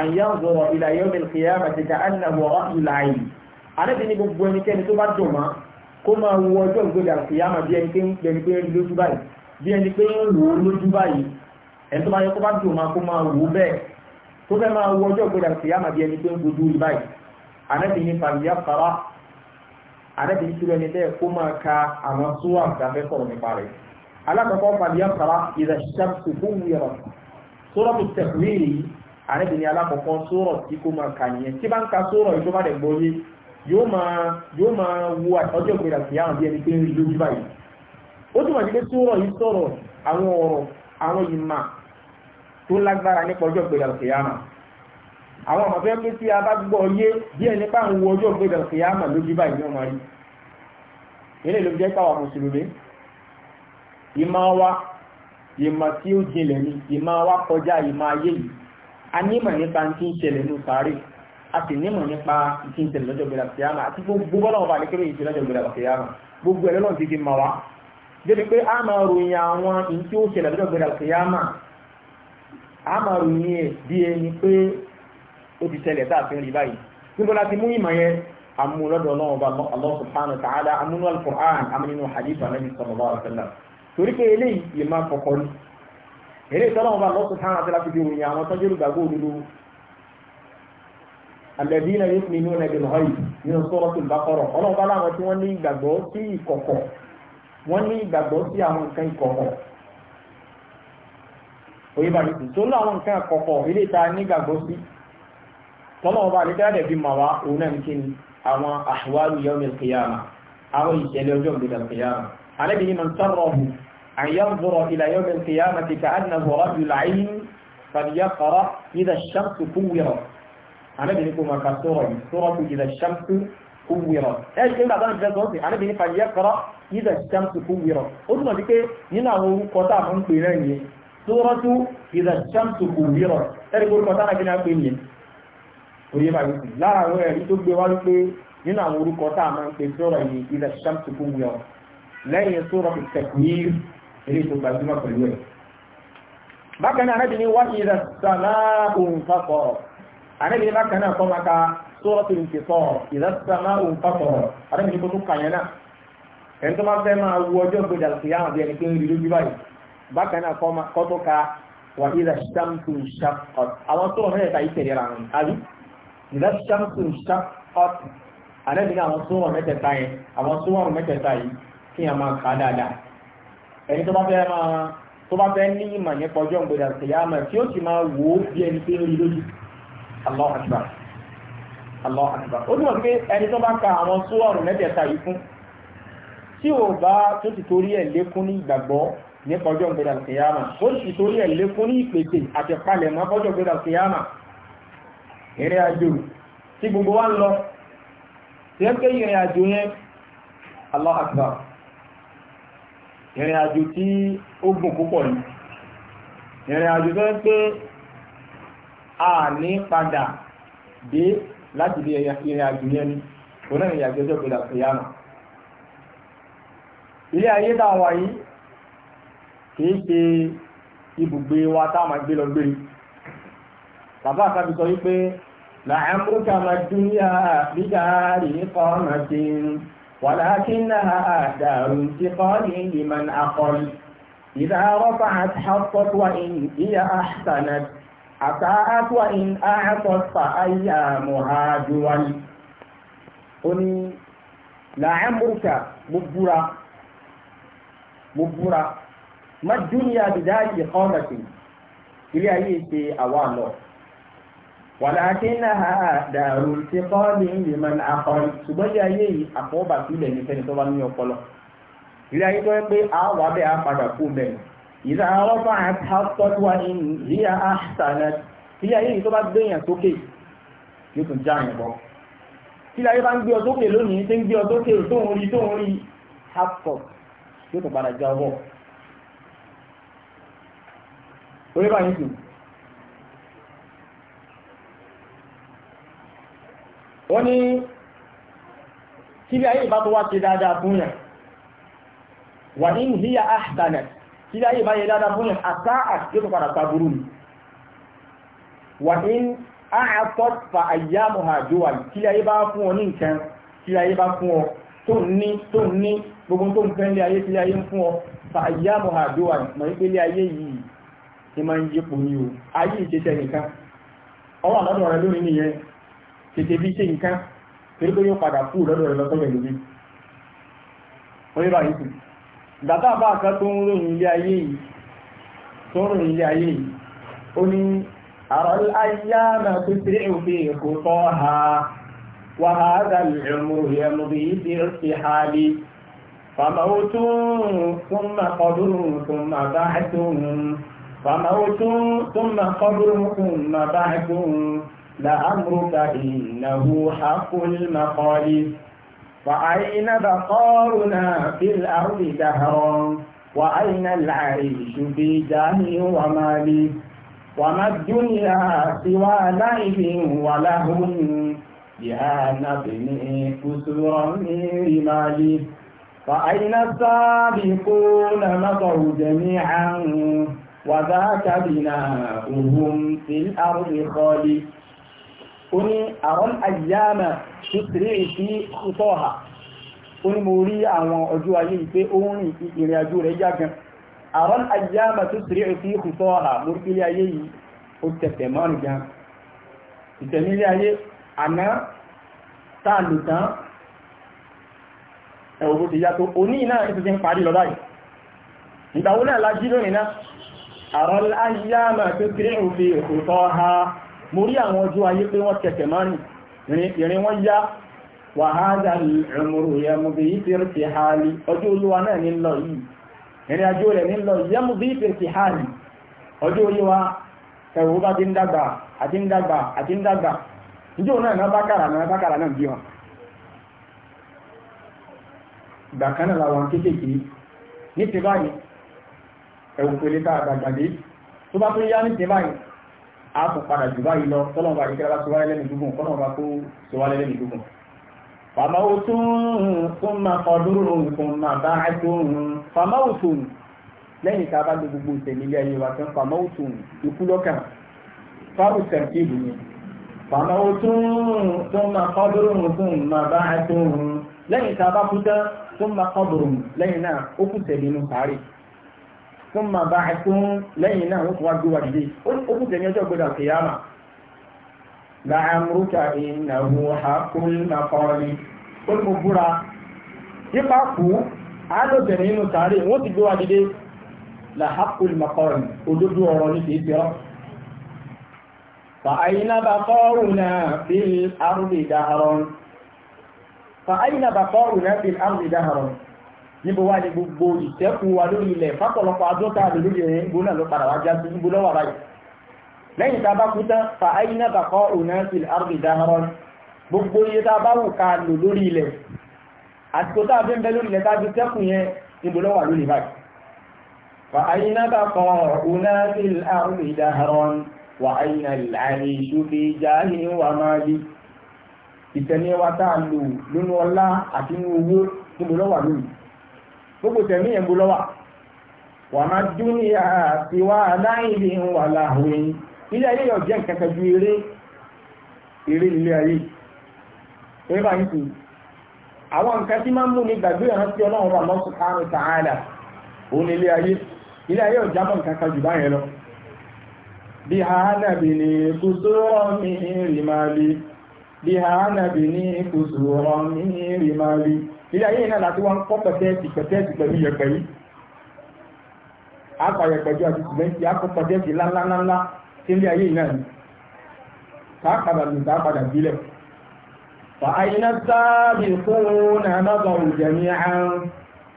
أن ينظر إلى يوم القيامة كأنه رأي العين àrẹ́bí ní gbogbo ẹnikẹ́ni tó bá dùnmá kó máa wo ọjọ́ ìgbéga ìyáma bí ẹni pé ń pé lójú báyìí bí ẹni pé ń lò ó lójú báyìí ẹni tó bá yẹ kó bá dùnmá kó máa wò ó bẹ́ẹ̀ tó fẹ́ máa wo ọjọ́ ìgbéga ìyáma bí ẹni pé ń gbójú rí báyìí àrẹ́bí ní fàlíyà fara àrẹ́bí ní kí lóni bẹ́ẹ̀ kó máa ka àwọn súwà tàbẹ́ sọ̀rọ̀ nípa rẹ̀ alákọ̀ọ́kọ́ fàdíyàkọ̀rá ìdàṣàkù fún yẹ̀rọ sọ́rọ̀ tó tẹ̀wéèrè yìí àrẹ́bì ní alákọ̀ọ́kọ́ sọ́rọ̀ tí kò máa kà yẹn tí bá ń ka sọ́rọ̀ yìí tó bá dẹ̀ gbọ́ yé yóò máa wo ọjọ́ ìgbéra sí àwọn bí ẹni pé ń rí lójú báyìí ó túmọ̀ sí pé sọ́rọ̀ yìí sọ̀rọ̀ àwọn ọ̀rọ̀ àwọn ìmà tó lágbára nípa ọjọ́ ìgbéra sí àmà àwọn ọmọ fẹ́ ìmọ̀ wa ìmọ̀ tí ó jinlẹ̀ ni ìmọ̀ wa kọjá ìmọ̀ ayé yìí a nímọ̀ nípa tí ń ṣẹlẹ̀ ní sáré a sì nímọ̀ nípa tí ń ṣẹlẹ̀ lọ́jọ́ gbéra kìyàmà àti gbogbo bọ́lọ̀ wà ní kéré ìṣẹ́ lọ́jọ́ gbéra kìyàmà gbogbo ẹ̀rọ náà ti fi mọ̀ wá débi pé a máa ròyìn àwọn ìyí tí ó náà Allah subhanahu wa ta'ala amúnú al-Qur'an amúnú hadith wa nabi sallallahu torí pé eléyìí yìí máa kọ̀kọ́ ni eré ìtọ́lọ́ ọba lọ́sùn táwọn àti láti fi ròyìn àwọn tọ́jú olùgbàgbọ́ òdodo àlẹ́bí náà yóò pinnu ẹ̀dẹ̀ lọ́ọ́ yìí nínú sọ́rọ́ tó bá kọ́rọ̀ ọlọ́ọ̀bá láwọn tí wọ́n ní ìgbàgbọ́ sí ìkọ̀kọ̀ wọ́n ní ìgbàgbọ́ sí àwọn nǹkan ìkọ̀kọ̀ òye bá mi sì tó láwọn nǹkan ìkọ̀kọ̀ ilé ìta nígbàgbọ́ sí tọ́lọ́ ọba àlẹ́kẹ́rẹ́dẹ̀ fi mà wá òun náà ní kíni àwọn àṣewárú yawmil qiyamah àwọn ìṣẹ̀lẹ̀ ọjọ́ ìgbéga kìyàmà alẹ́bí ni mà ń sọ̀rọ̀ ọ̀hún أن ينظر إلى يوم القيامة كأنه رجل عين فليقرأ إذا الشمس كورت anábìnrin kó máa ka sọ́rọ̀ yìí sọ́rọ̀ tó ìdà ṣamsu kúwìrọ̀ ẹ̀ṣì nígbà tó ń fẹ́ sọ́ọ̀sì anábìnrin fàyí ẹ̀kọ́rọ̀ ìdà ṣamsu kúwìrọ̀ ó túnmọ̀ sí pé nínú àwọn orúkọ tá a mọ̀ ń pè rẹ̀ yẹn sọ́rọ̀ tó ìdà ṣamsu kúwìrọ̀ ẹ̀rí orúkọ tá a kí ni a pè yẹn orí ẹ̀ báyìí lára àwọn ẹ̀rí tó gbé wá wípé nínú àwọn orúkọ tá a mọ̀ ń pè sọ́rọ̀ yìí ìdà ṣamsu kúwìrọ̀ lẹ́yìn sọ́rọ̀ ilé tó gbajúmọ̀ pẹ̀lú ẹ̀ bákan náà anábì ní wá ìdá sàmáhùn fàkọ̀rọ̀ anábì ní bákan náà kọ́mọ ka sórọ́tù ní ti sọ̀rọ̀ ìdá sàmáhùn fàkọ̀rọ̀ anábì ní kó tún kàyẹn náà ẹni tó máa fẹ́ máa wú ọjọ́ gbọdọ̀ sí àwọn bí ẹni pé ń rí lójú báyìí bákan náà kọ́ tó ka wà ìdá sàmtù ṣàkọ̀t àwọn tó rọ̀ mẹ́ta yìí tẹ̀lé ra wọn àbí ìdá sàmtù ṣàkọ̀t ẹni tó bá fẹ́ máa tó bá fẹ́ ní ìmọ̀ nípa ọjọ́ ìgbèdà kìyàmà tí ó sì máa wò ó bí ẹni pé rí lójú Allahu Akbar Allahu Akbar ó dùn pé ẹni tó bá ka àwọn sóòrùn mẹ́tẹ̀ẹ̀ta yìí fún tí ò bá tó ti torí ẹ̀ lékún ní ìgbàgbọ́ nípa ọjọ́ ìgbèdà kìyàmà ó sì torí ẹ̀ lékún ní ìpèsè àti palẹ̀mọ́ fọ́jọ́ ìgbèdà kìyàmà ìrìn àjò tí gbogbo wa ń lọ tí ẹ pé ìrìn àjò yẹn Allahu Akbar ìrìn àjò tí ó gùn púpọ̀ ni ìrìn àjò tó ń pé a ní padà dé láti bí ìrìn àjò yẹn ni òun náà ìyàgbé tó gbọdọ̀ pè yánà ilé ayé tá a wà yìí kìí ṣe ibùgbé wa tá a máa gbé lọ gbé bàbá àkàbí sọ wípé làámúrúkà máa dúnyà bíjà rí kọ́ ọ̀nà ولكنها أهدار انتقال لمن أقل إذا رفعت حطت وإن هي أحسنت أساءت وإن أعطت فأيامها دول قل لعمرك مبرا مبرا ما الدنيا بذلك قامت إلي أي شيء أوالله wàlákínnáha dàrú ti kọ́ọ̀lì ìrìnmọ̀n àkọlù ṣùgbọ́n ilé ayé yìí àpọ̀ọ́bà sílẹ̀ ní fẹ́ni tó bá ní ọpọlọ ilé ayé tó yẹ pé a wà bẹ́ẹ̀ á padà kú bẹ́ẹ̀ ìdá ọlọ́pàá àti àtọ́júwa ìyá àṣàlẹ̀ ilé ayé yìí tó bá gbé yẹn sókè yóò tún já yẹn bọ́ ilé ayé bá ń gbé ọ sókè lónìí tí ń gbé ọ sókè tóun rí tóun rí àpọ̀ yóò tún padà já ọ bọ́ wọ́n ní kíbi ayé ìbá tó wá ṣe dáadáa fún yàn wà ní ìhíyà ahsanat kíbi ayé ìbá yẹ dáadáa fún yàn àtà àṣíkò padà sàbúrú ni wà ní àásọ́t fa àyà mọ̀hájúwà kíbi ayé bá fún ọ ní nǹkan kíbi ayé bá fún ọ tó ní tó ní gbogbo tó ń fẹ́ ọwọ́ àlọ́dọ̀ rẹ̀ lónìí nìyẹn tètè bí ṣe nǹkan torí pé yóò padà kú lọ́dọ̀ rẹ̀ lọ́tọ́ rẹ̀ lórí wọ́n yóò bá yìí sùn ìgbàtà bá kan tó ń ròyìn ilé ayé yìí tó ń ròyìn ilé ayé yìí ó ní àrọ̀ ayá náà tó ti òfin èkó tọ́ ha وهذا العمر يمضي لأمرك إنه حق المقاليد فأين بقارنا في الأرض دهرا وأين العيش في جاه ومالي وما الدنيا سوى لعب ولهو بها نبني كسورا من رمالي فأين السابقون مضوا جميعا وذاك بناؤهم في الأرض خالي ó ní àwọn àyàmà tó tẹ̀lé ìfí ọ̀tọ́ha ó ní mo rí àwọn ọjọ́ ayé pé ó ń rìn ìrìn àjò rẹ̀ yá gan àwọn àyàmà tó tẹ̀lé ìfí ọ̀tọ́ha mo rí pílé ayé yìí ó tẹ̀tẹ̀ márùn gan ìtẹ̀mílé ayé àná táàlù tán ẹ̀wọ̀ mo rí àwọn ojú ayé pé wọ́n kẹ̀kẹ̀ márìn ìrìn wọ́n yá wàhálà ìrìnmòrò yẹmùbí ìfẹ́rẹ̀ ti hálì ọjọ́ olúwa náà ní lọ yìí ìrìn àjò rẹ̀ ní lọ yẹmùbí ìfẹ́rẹ̀ ti hálì ọjọ́ olúwa ẹ̀rù bá ti ń dàgbà àti ń dàgbà àti ń dàgbà na náà náà bákàrà náà bákàrà náà bí wọn ìgbà kan náà làwọn kéékèèké ní ti báyìí ẹ̀rù pèlè a kò padà jù báyìí lọ tọ́lọ̀ bá ìkẹ́lá sọ wáyé lẹ́nu dúgùn kọ́nà bá kó sọ wáyé lẹ́nu dúgùn fàmáwò tún máa kọdúró nǹkan máa bá àìsàn fàmáwò tún lẹ́yìn tá a bá lè gbogbo ìtẹ̀lé ilé ayé wa tán fàmáwò tún ikú lọ́kàn fáwọn sẹ̀ǹtì ìlú yẹn fàmáwò tún tún máa kọdúró nǹkan máa bá àìsàn lẹ́yìn tá a bá kú tán tún máa kọdúró lẹ́yìn náà ó kù tẹ̀lé fún ma bá ẹkún lẹ́yìn náà wọ́n tún wá gbé wa dìde ó kún tẹ̀mí ọjọ́ gbọdọ̀ kìyàmà láàmúrúkà ìnáwó àkúnmákọ́rí ó ní mo búra yípa kú àádọ́tẹ̀rẹ̀ nínú tààrí wọ́n ti gbé wa dìde làhákùnmákọ́rí òdodo ọ̀rọ̀ ní kìí tẹ́ ọ́ فأين بقاؤنا في الأرض دهرا فأين بقاؤنا في الأرض دهرا níbo wá ní gbogbo ìtẹ́kù wa lórí ilẹ̀ fápọ̀lọpọ̀ adọ́ta lórí ẹ̀yìn gbó náà ló padà wá já sí níbo lọ́wọ́ báyìí lẹ́yìn tá a bá kú tán fa ayiná bàkọ́ òná sí àrùn ìdáhọ́rọ́ gbogbo iye tá a bá wù ká lò lórí ilẹ̀ àsìkò tá a fi ń bẹ lórí ilẹ̀ tá a fi tẹ́kù yẹn níbo lọ́wọ́ lórí báyìí fa tá a lò lónú ọlá àti inú owó níbo lọ́wọ́ lórí gbogbo tẹ̀mí yẹn bú lọ́wà wà máa dúnìyà ti wá láìlè ń wà láàrin ilé ayé jẹ́ nǹkan ju eré eré ilé ayé eré ń sùn àwọn nǹkan tí máa ń mú ni gbàgbé ìrántí ọlọ́run bá lọ́sùn káàrin tààlà òun ilé ayé ilé ayé nǹkan báyẹn lọ bí ha nàbì ní kùsùrọ̀ mi máa bí ilé ayé náà láti wọ́n kọ́ pẹ̀tẹ́ẹ̀tì pẹ̀tẹ́ẹ̀tì pẹ̀lú yẹ̀pẹ̀ yìí apàyẹ̀pẹ̀jọ àti sìmẹ́ntì akọ́ pẹ̀tẹ́ẹ̀tì ńláńláńlá tí ilé ayé náà ni ká padà lù ká padà bílẹ̀. فأين السابقون مضوا جميعا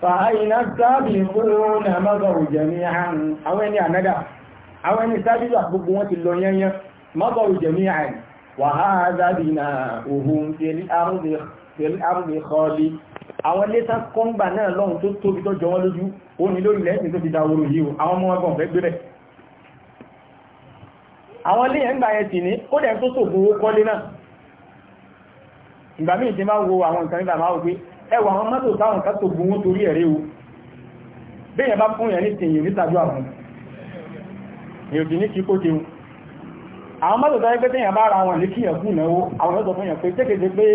فأين السابقون مضوا جميعا àwọn ẹni ànádà àwọn ẹni sábìlú àgbogbo wọn ti lọ yẹnyẹn مضوا جميعا وهذا بناؤهم في الأرض في الأرض خالد àwọn létà kọ́ngbà náà lọ́hun tó tóbi tó jọ wọ́n lójú ó ní lórí lẹ́sìn tó fi dáwòrò yìí àwọn ọmọ ọgbọ̀n fẹ́ gbébẹ̀ àwọn ilé ẹ̀ngbà ẹ̀ sì ní ó dẹ̀ tó sògbò owó kọ́lé náà ìgbà míì ti máa wo àwọn nǹkan nígbà máa wípé ẹwà àwọn mọ́tò táwọn ká sògbò owó o béèyàn bá fún yẹn ní tèyìn nítàjú àwọn èèyàn sì ní kí kó jẹun àwọn mọ́tò táwọn pé téèyàn bá ra wọn lé kíyàn fún ìnáwó àwọn ọ̀sọ̀ fún yẹn pé tékèjé pé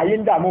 ayé ń dààmú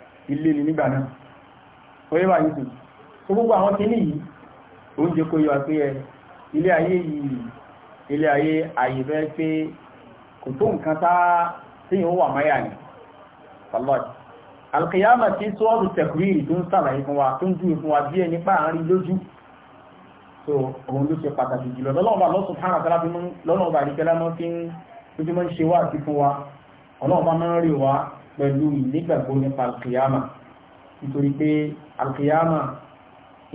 ilé ni nígbà náà orí wà yìí tó gbogbo àwọn kìíní yìí oúnjẹ kó yọ pé ilé ayé yìí ilé ayé ayé fẹ́ pé kò tó nǹkan tá téèyàn wà máyà ni ọlọ́dì alkiyama tí sọ́ọ̀dù tẹ̀kùrìrì tó ń sàlàyé fún wa tó ń dúró fún wa bí ẹni pa àárín lójú so òun ló ṣe pàtàkì jùlọ lọ́lọ́ọ̀bà lọ́sùn fún àwọn alábìmọ́ lọ́lọ́ọ̀bà àríkẹ́lá mọ́ fi ń ṣe wá sí fún wa ọlọ́ọ̀bà máa ń rí wa pẹ̀lú ìnígbàgbọ́ nípa alkiyama nítorí pé alkiyama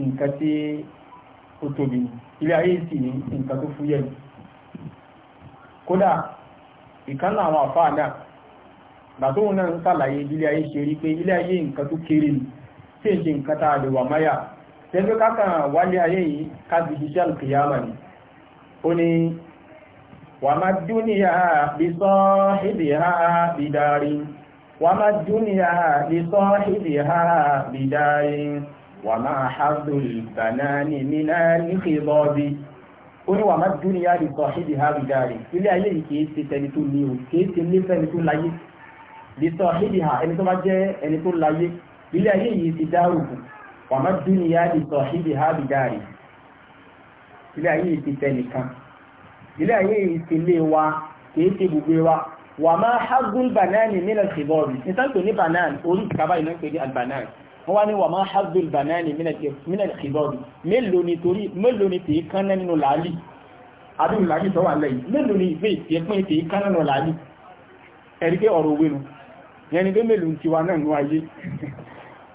nǹkan tí ó tóbi ilé ayé sì ní nǹkan tó fúyẹ́ kódà ìkánná àwọn àfáà náà bàtóhun náà ń sàlàyé ilé ayé ṣe rí pé ilé ayé nǹkan tó kéré ní tí èṣe nǹkan tá a lè wà máyà tẹ́lú kákan wálé ayé yìí káàdì ṣiṣẹ́ alkiyama ni ó ní wà má dúníyà bí sọ́ọ́ ìdè bí dárin وما الدنيا لصاحبها بدار وما حظ البنان من الخضاب orí wà má dúró yá rí kan ṣíbi ha rìdá rẹ̀ ilé ayé yìí kìí ṣe tẹni tó ní o kìí ṣe ilé fẹ́ni tó láyé lè sọ ṣíbi ha ẹni tó bá jẹ́ ẹni tó láyé ilé ayé yìí ti dárò kù wà má dúró yá rí kan ṣíbi ha rìdá ilé ayé yìí ti tẹnìkan ilé ayé yìí ti lé wa kìí ṣe gbogbo wa wà máa hazul banani nílẹ̀ ìbọ̀rì ìtànkò ní banani orí ìkàbá iná pé ní albanani wọ́n wá ní wà máa hazul banani nílẹ̀ ìbọ̀rì mélòó ni torí mélòó ni tèé kán nínú làálì àbí ìlàjì tó wà lẹ́yìn mélòó ni ìfẹ́ ìpín tèé kán nínú làálì ẹ̀rí pé ọ̀rọ̀ òwe nu yẹni pé mélòó ti wà náà nú ayé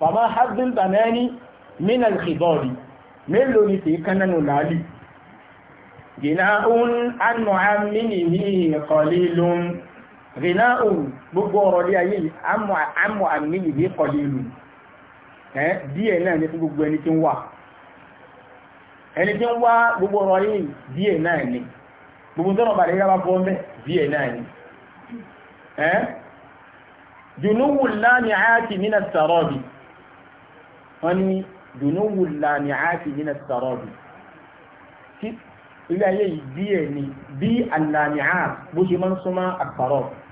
wà máa hazul rìnà òun gbogbo ọ̀rọ̀ lé ayé àmọ̀ àmì ìwé kọ̀lé ìlú díẹ̀ náà ní fún gbogbo ẹni tí ń wà ẹni tí ń wá gbogbo ọ̀rọ̀ ayé díẹ̀ náà ní gbogbo tọ́nà bàdé yára bọ́ mẹ́ díẹ̀ náà ní jùnúwù láàmì àti nínà sàrọ́bì wọ́n nínà sàrọ́bì ilé ayé díẹ̀ ní bí àlàmì bó ṣe máa ń súnmọ́ àsàrọ́bì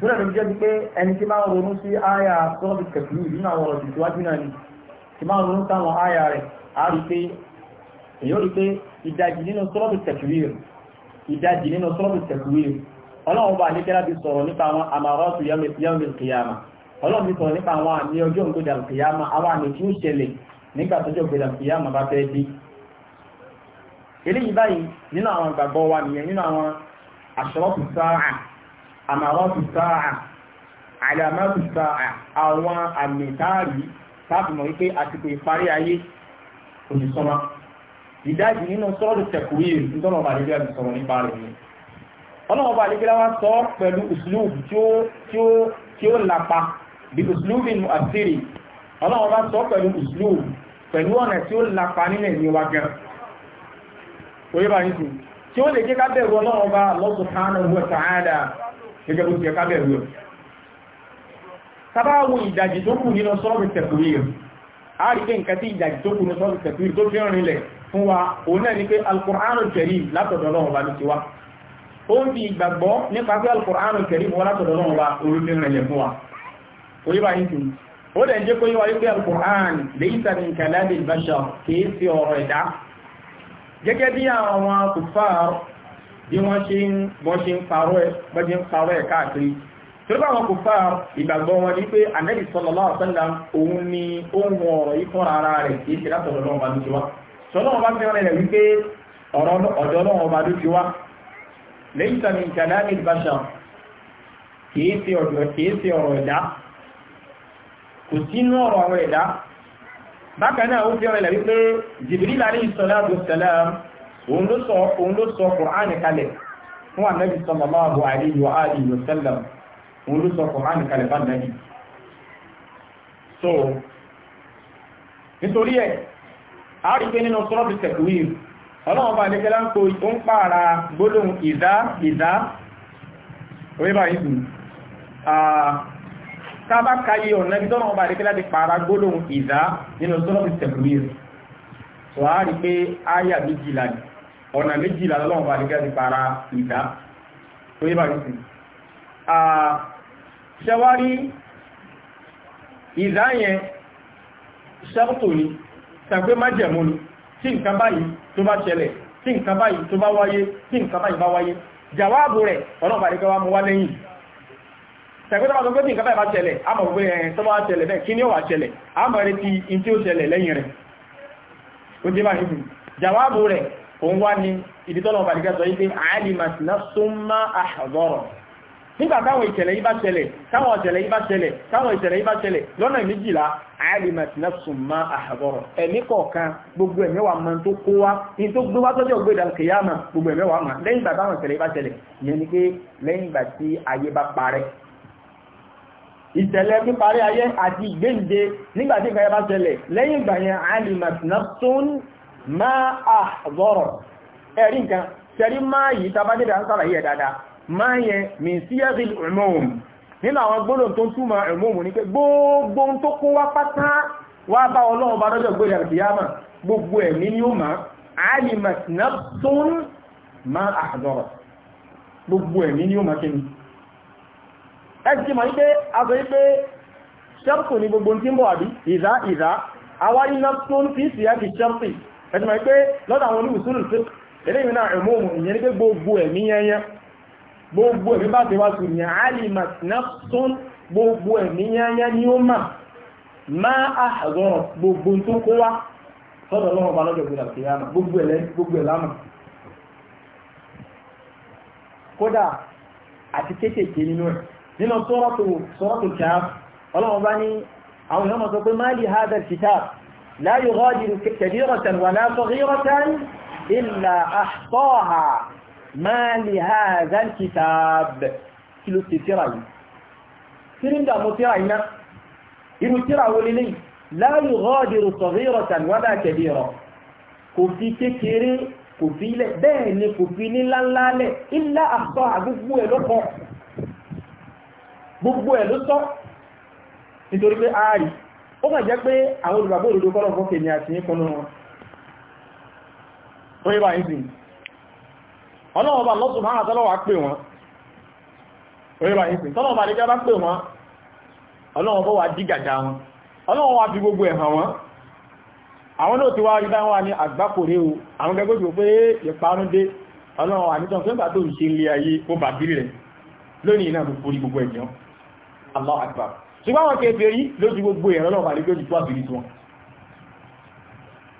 sọ́dọ̀ ló jẹ́ pé ẹni tí máa ronú sí àyà sọ́ọ̀bì kẹfìlú nínú àwọn ọ̀rọ̀ ìtìwájú náà ni tí máa ronú sáwọn àyà rẹ̀ a rí pé èyí rí pé ìdajì nínú sọ́ọ̀bì kẹfìlú ìdajì nínú sọ́ọ̀bì kẹfìlú ọlọ́run bá ní kẹ́lá bí sọ̀rọ̀ nípa àwọn ọlọ́run bí wa àmàrọ́tù sáà àlàmọ́tù sáà àwọn àmì táàrí tábùmọ̀ wípé àsìkò ìparí ayé òṣìṣọ́mọ́ ìdájì nínú sọ́ọ̀dù tẹ̀kùwìrì nítorí ọba àdébíyà ti sọ̀rọ̀ nípa rẹ̀ ni ọlọ́run ọba àdébíyà wá sọ pẹ̀lú uslub tí ó lapa bí uslubin mu'athiri ọlọ́run ọba sọ pẹ̀lú uslub pẹ̀lú ọ̀nà tí ó lapa nílẹ̀ ní wa gan oyébà nìsín tí ó lè jẹ́ ká bẹ̀rù ọlọ́run ọba Allah subhanahu wa ta'ala gẹ́gẹ́ bó ti ẹ̀ká bẹ̀rù rẹ̀ sábáwo ìdajì tó kù nínú sọ́ọ̀rù tẹ̀kùrí rẹ̀ a rí pé nǹkan tí ìdajì tó kù nínú sọ́ọ̀rù tẹ̀kùrí tó fi rìn lẹ̀ fún wa òun náà ni pé alkùránù kẹrí látọ̀dọ̀ lọ́wọ́ bá ló ti wá ó ń fi ìgbàgbọ́ nípa pé alkùránù kẹrí wọn látọ̀dọ̀ lọ́wọ́ bí wọ́n ṣe ń parọ́ ẹ̀ káàkiri torí àwọn kò fà ìgbàgbọ́ wọn ní pé ànábì sallallahu alaihi wasallam òun ni ohun ọ̀rọ̀ yìí fún ara rẹ̀ kìí ṣe látọ̀dọ̀ lọ́wọ́ ọba lójú wa sọlọ́wọ́ bá fi rẹ̀ rẹ̀ wípé ọ̀rọ̀ ọ̀dọ̀ lọ́wọ́ ọba lójú wa lẹ́yìn tàbí kalami al-bashar kìí ṣe ọ̀rọ̀ ẹ̀dá kò sínú ọ̀rọ̀ àwọn ẹ̀dá bákan náà ó fi rẹ̀ wípé Jibril alayhi salatu wassalam òun ló sọ òun ló sọ kùránì kalẹ̀ fún ànábì sallallahu alaihi wa alihi wa sallam òun ló sọ kùránì kalẹ̀ bá nàbì so nítorí ẹ̀ a rí pé nínú sọ́rọ̀bì tẹ̀kùwìr ọlọ́wọ́n bá nígbẹ́lá ń kó ó ń pààrà gbólóhùn ìdá ìdá oríbà ìsìn tábà káyé ọ̀nà ibi tọ́nà ọba àríkẹ́lá ti pààrà gbólóhùn ìdá nínú sọ́rọ̀bì tẹ̀kùwìr so a rí pé áyà méjìlá ni ọ̀nà méjìlá lọ́wọ́n bá nígbà ti para ìdá tó yíba ní sí ṣẹwárí ìdá yẹn ṣẹ́pùtò ní ṣàgbé májẹ̀mú ní tí nǹkan báyìí tó bá ṣẹlẹ̀ tí nǹkan báyìí tó bá wáyé tí nǹkan báyìí bá wáyé jàwáàbù rẹ̀ ọlọ́pàá nígbà wá mú wá lẹ́yìn ṣàgbé tó bá sọ pé tí nǹkan báyìí bá ṣẹlẹ̀ a mọ̀ pé ẹ̀ tó bá ṣẹlẹ̀ ni ó wà ṣẹlẹ̀ rẹ̀ òun wá ní ibi tọ́lọ̀ ọba àdìgá sọ yí pé alimat nafsun ma ahdara nígbà táwọn ìṣẹ̀lẹ̀ yìí bá ṣẹlẹ̀ táwọn ìṣẹ̀lẹ̀ yìí bá ṣẹlẹ̀ táwọn ìṣẹ̀lẹ̀ yìí bá ṣẹlẹ̀ lọ́nà méjìlá alimat nafsun ma ẹ̀mí kọ̀ọ̀kan gbogbo ẹ̀mí wa tó kó wá ní tó máa àzọ́rọ̀ ẹ̀rí nǹkan tẹ̀rí máa yìí tàbádẹ́dà ń sàlàyé ẹ̀ dáadáa máa yẹ min síyẹ́rìl umum nínú àwọn gbólóhùn tó ń túmọ̀ umum ní pé gbogbo tó kó wá pátá wá bá ọlọ́run bá lọ́jọ́ gbé àdìyámà gbogbo ẹ̀mí ni ó máa alimat nafsun ma àzọ́rọ̀ gbogbo ẹ̀mí ni ó máa kíni ẹ̀sì ti ẹ̀sùn pé lọ́dọ̀ àwọn olùsùlù tí eléyìn náà ẹ̀mọ́mù ìyẹn ní pé gbogbo ẹ̀mí yẹnyẹ gbogbo ẹ̀mí bá ti wá sùn ní alima gbogbo ẹ̀mí yẹnyẹ ni ó mà má àhàzọ́rọ̀ gbogbo tó kó wá sọ́dọ̀ lọ́wọ́ bá lọ́jọ́ gbogbo àti لا يغادر كبيرة ولا صغيرة إلا أحصاها ما لهذا الكتاب كيلو تيراي كيلو دا متيراي نا يرو تيرا لا يغادر صغيرة ولا كبيرة كوفي كتيري كوفي لبيني كوفي للالالي لا لا إلا أحصاها غبو لو كون غبو لو تو nítorí ó kàn jẹ́ pé àwọn olùgbàgbọ́ òdodo kọ́lọ̀ fún kèmí àti ní kọ́nà wọn wọ́n yíba yìí sìn ọlọ́wọ́ bá lọ́tún máa tọ́lọ́wà pè wọn wọ́n yíba yìí sìn tọ́lọ́wọ́ bá lẹ́jọ́ bá pè wọn ọlọ́wọ́ bọ́ wà dígàjá wọn ọlọ́wọ́ wà fi gbogbo ẹ̀hàn wọn àwọn náà ti wá rí báwọn wà ní àgbákòrè o àwọn gẹ́gẹ́ bí pé ìparun dé ọlọ́wọ́ wà nítorí pé bàtò ìṣe ilé ayé ó bàbí rẹ̀ lónìí náà mo forí gbogbo ẹ̀jọ́ Allah akbar ṣùgbọ́n àwọn kẹfẹ́ yìí lójú gbogbo ìran náà balẹ̀ lójú tó àbìrí tí wọn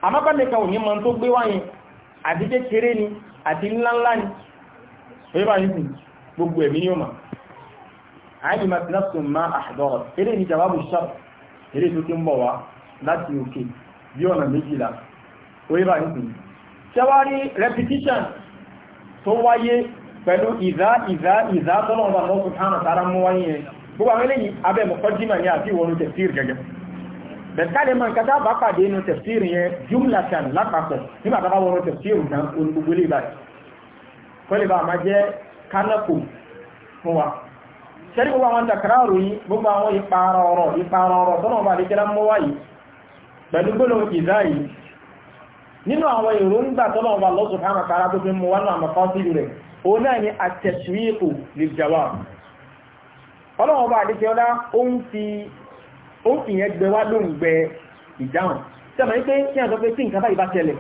àmọ́bánẹ́ka ò ma mọ́ tó gbé wáyìn àti kékeré ni àti ńláńlá ni pẹ́bà yìí gbogbo ẹ̀mí yóò mà áìlì máa ti lásùn máa àdọ́rọ̀ eré ní jàwábù wáyé gbogbo àwọn eléyìí abẹ́ mọ̀kọ́dímà ní àti ìwọ̀n tẹ̀síìrì gẹ́gẹ́ bẹ̀tálẹ̀ máa ń kátà bá pàdé inú tẹ̀síìrì yẹn júmùlàtàn lápapọ̀ nígbà bá wọ́n tẹ̀síìrì náà olùgbogbo ilé ìbàdí kọ́lẹ̀ bá máa jẹ́ kánákò fún wa sẹ́rí gbogbo àwọn takara ròyìn gbogbo àwọn ìpara ọ̀rọ̀ ìpara ọ̀rọ̀ tọ́nà bá lè kẹ́lá mọ́ wáyé pẹ̀lú gbólóhùn ìzá yìí nínú àwọn ìròǹgbà tọ́nà bá lọ́sùn fún àwọn tó fi mú wánú àmọ́kọ́ sí rẹ̀ òun náà ni àtẹ̀síwíkù lè jawab ọlọ́wọ́n bá àdékẹ́ ọlá ó ń fi yẹn gbẹ wá lóhùn gbẹ ìdáhùn sẹ́mọ̀ ní pé kí àjọ pé tí nǹkan báyìí bá ṣẹlẹ̀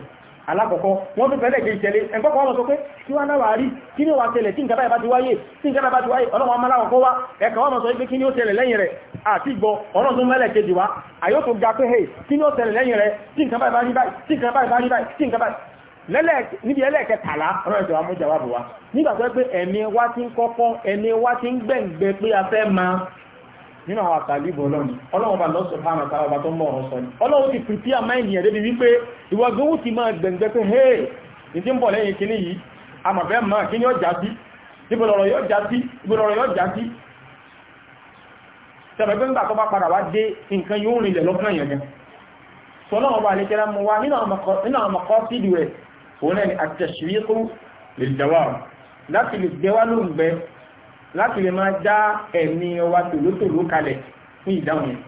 alákọ̀ọ́kọ́ wọ́n tún fẹ́lẹ̀ kí ìṣẹ̀lẹ̀ ẹ̀kọ́kọ́ wọn sọ pé kí wọ́n náà rí kí ní wà ṣẹlẹ̀ tí nǹkan báyìí bá ti wáyé tí tó mẹ́lẹ̀ kejì wá àyóò níbi ẹlẹ́ẹ̀kẹtàlá ọ̀rọ̀ ìṣẹ̀wà mú jàwábù wa nígbà tó pé ẹ̀mí wá ti ń kọ́kọ́ ẹ̀mí wá ti ń gbẹ̀ǹgbẹ̀ pé a fẹ́ ma nínú àwọn àtàlíbò ọlọ́run ọlọ́run bá lọ́sọ̀ bá àwọn àtàwọn ọba tó ń bọ̀ ọ̀rọ̀ sọ ni ọlọ́run ti pìpì àmá ènìyàn débi wípé ìwọ gbówó ti máa gbẹ̀ǹgbẹ̀ pé hey ìdí ń bọ̀ lẹ́yìn kíní yìí àmàfẹ́ mọ̀ kí ni ó já sí ibo lọ̀rọ̀ yóò já sí ibo lọ̀rọ̀ yóò já sí tẹ̀lẹ̀gbẹ́ ń gbà tó bá padà wá dé nǹkan yóò rìnlẹ̀ lọ́kàn yẹn gan sọ náà wà lè kẹ́ra mọ́ wa nínú òun náà ni àtẹ̀ṣìríkù lè dẹ̀wà láti lè dẹ̀wà ló ń gbẹ láti lè máa dá ẹ̀mí ọwa tòlótòló kalẹ̀ fún ìdáhùn yẹn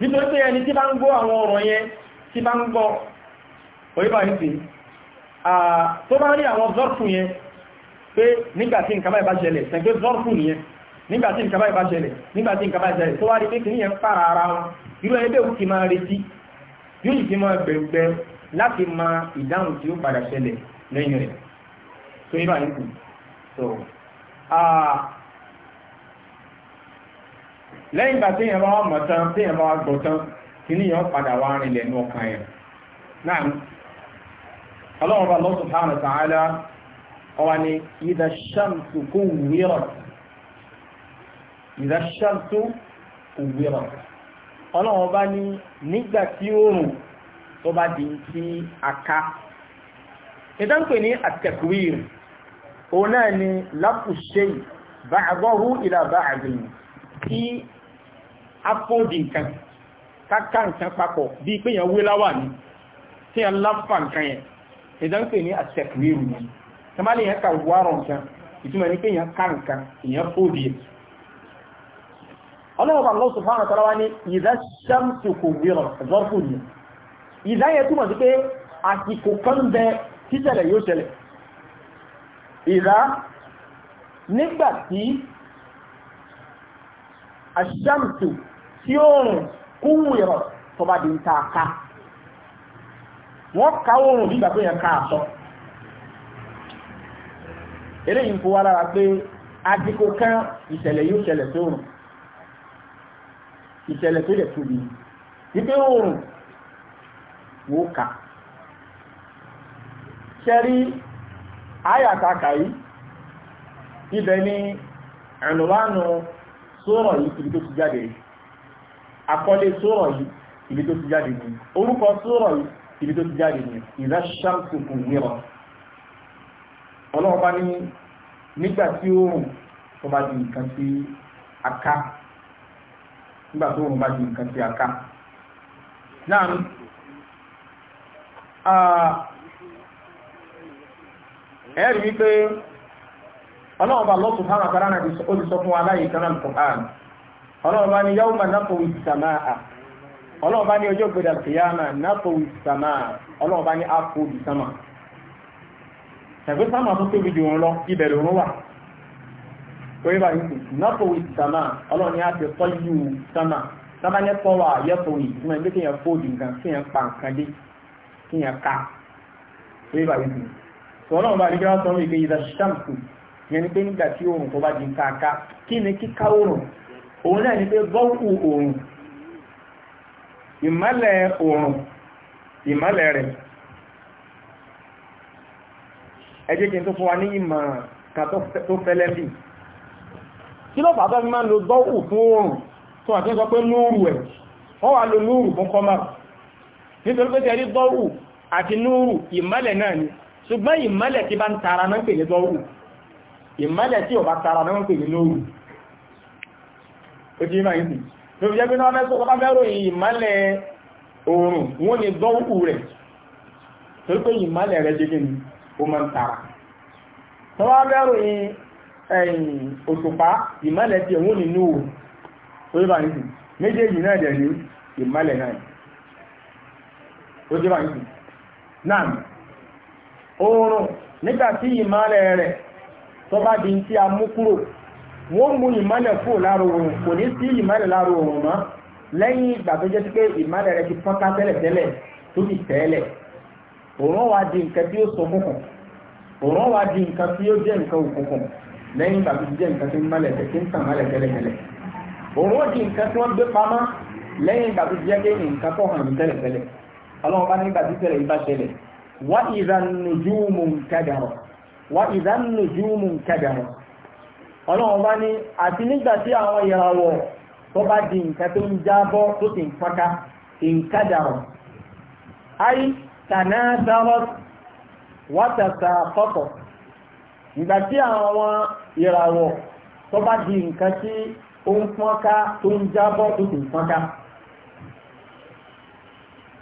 nítorí pé ẹni tí bá ń gbọ́ àwọn ọ̀rọ̀ yẹn tí bá ń gbọ́ orípa ìsìn tó bá rí àwọn zọ́rfù yẹn pé nígbàtí nǹkan báyìí bá ṣẹlẹ̀ tẹ́gbẹ́ zọ́rfù nìyẹn nígbàtí nǹkan báyìí bá nígbàtí nǹkan báyìí tó wá rí pé kìí yẹn fara ara wọn irú ẹgbẹ́ òkè máa retí yóò sì máa gbẹ̀gbẹ̀ láti mọ ìdáhùn tí ó padà ṣẹlẹ̀ lẹ́yìn rẹ̀ tó yíba ní kù so lẹ́yìn ìgbà téèyàn bá wà mọ̀ tán téèyàn bá wà gbọ́ tán kí níyàn padà wá rìn lẹ́nu ọkàn ẹ̀ náà ọlọ́run bá lọ́sùn táwọn sàálà ọwà ni ìdáṣàmtù kó wúwírọ̀ ìdáṣàmtù kó wúwírọ̀ ọlọ́run bá ní nígbà tí ó rùn tó bá di sí aká ìdánpè ní àtẹ̀kùwìr òun náà ni lápùṣe ba'dahu ila ba'din tí a fòdì nǹkan káká nǹkan papọ̀ bí pé yẹn wé láwà ní tí a láfà nǹkan yẹn ìdánpè ní àtẹ̀kùwìr ni tàbí yẹn ka wárọ̀ nǹkan ìtumọ̀ ni pé yẹn ká nǹkan ìyẹn fòdì ọlọ́wọ́ bá lọ́sùn fáwọn ọ̀tọ́lọ́wá ní ìdá sàmtùkù wírọ̀ zọ́rfù ni ìdáyẹ túmọ̀ sí pé àsìkò kan bẹ títẹ̀lẹ̀ yóò ṣẹlẹ̀ ìrá nígbàtí àṣàmtù tí ó rùn kúrù ẹ̀rọ tó bá di ta ká wọ́n ká oòrùn nígbà tó yẹ ká àṣọ eléyìí fún wa lára pé àsìkò kan ìṣẹ̀lẹ̀ yóò ṣẹlẹ̀ tó rùn ìṣẹ̀lẹ̀ tó lè tóbi wípé oòrùn wò kà ṣẹ́rí ayàtàkà yìí ibẹ̀ ni ẹ̀nùlánù sóòrọ̀ yìí ibi tó ti jáde àkọlé sóòrọ̀ yìí ibi tó ti jáde ni orúkọ sóòrọ̀ yìí ibi tó ti jáde ni ìdáṣàkùnkù mìíràn ọlọ́run ní nígbà tí oòrùn tó bá di nǹkan a a ẹ̀rí wípé ọlọ́ọ̀bá lọ́tù hánà tàrà náà ó ti sọ fún wa láyé ọba ọlọ́ọ̀bá ni yawma natwi samaa ọlọ́ọ̀bá ni ọjọ́ gbẹ̀dà kìyàmà ọlọ́ọ̀bá ni àpò ìsàmà ẹ̀gbẹ́ sáàmà tó tóbi a ti tọ́jú sàmà sábà ní pọ́wà yẹ́pọ̀ kí yàn ká tó yíba wípé sọ́nà ọba àdígbà sọ wípé ìdá ṣàmùkù yẹn ni pé nígbà tí oòrùn tó bá di káàká kí ni kíká oòrùn òun náà ni pé bọ́ọ̀kù oòrùn ìmọ́lẹ̀ oòrùn ìmọ́lẹ̀ rẹ̀ ẹjẹ́ kí n tó fún wa ní ìmọ̀ tó fẹ́lẹ́ bí kí ló fàá tó máa lo bọ́ọ̀kù fún oòrùn tó àti sọ pé lóòrù ẹ̀ wọ́n wá lo lóòrù fún kọ́mọ̀rù nítorí náà ni ṣùgbọ́n ìmọ́lẹ̀ tí bá ń tara náà pè ní bọ́rù ìmọ́lẹ̀ tí ò bá tara náà pè ní núrù ojú ìmọ̀ ìsìn tó fi jẹ́ pé náà mẹ́sọ́ ọba mẹ́rọ ìmọ́lẹ̀ oòrùn wọ́n ni bọ́rù rẹ̀ tó pé ìmọ́lẹ̀ rẹ̀ jẹ́ kíni ó máa ń tara tó wá mẹ́rọ òṣùpá tí òun ni núrù ojú ìmọ̀ ìsìn méjèèjì náà dẹ̀ ní ìmọ́lẹ̀ náà ó jẹ́ báyìí náà oòrùn nígbàtí ìmọ́lẹ̀ rẹ̀ tó bá di tí a mú kúrò wọ́n mú ìmọ́lẹ̀ kú lára oòrùn kò ní sí ìmọ́lẹ̀ lára oòrùn mọ́ lẹ́yìn ìgbà tó jẹ́ pé rẹ̀ ti fọ́nká tẹ́lẹ̀tẹ́lẹ̀ tó ti tẹ́lẹ̀ òòrùn wá di nǹkan tí ó ṣókùnkùn ọlọ́run bá nígbà tí tẹ̀lẹ̀ ìbá tẹ̀lẹ̀ wá ìdánujúmù kẹdàrọ̀ wá ìdánujúmù kẹdàrọ̀ ọlọ́run bá ní àti nígbà tí àwọn ìràwọ̀ tó bá di nǹkan tó ń jábọ́ tó sì ń fọ́ká ìǹkádàrọ̀ ayé tànádàrọ̀ wátàtà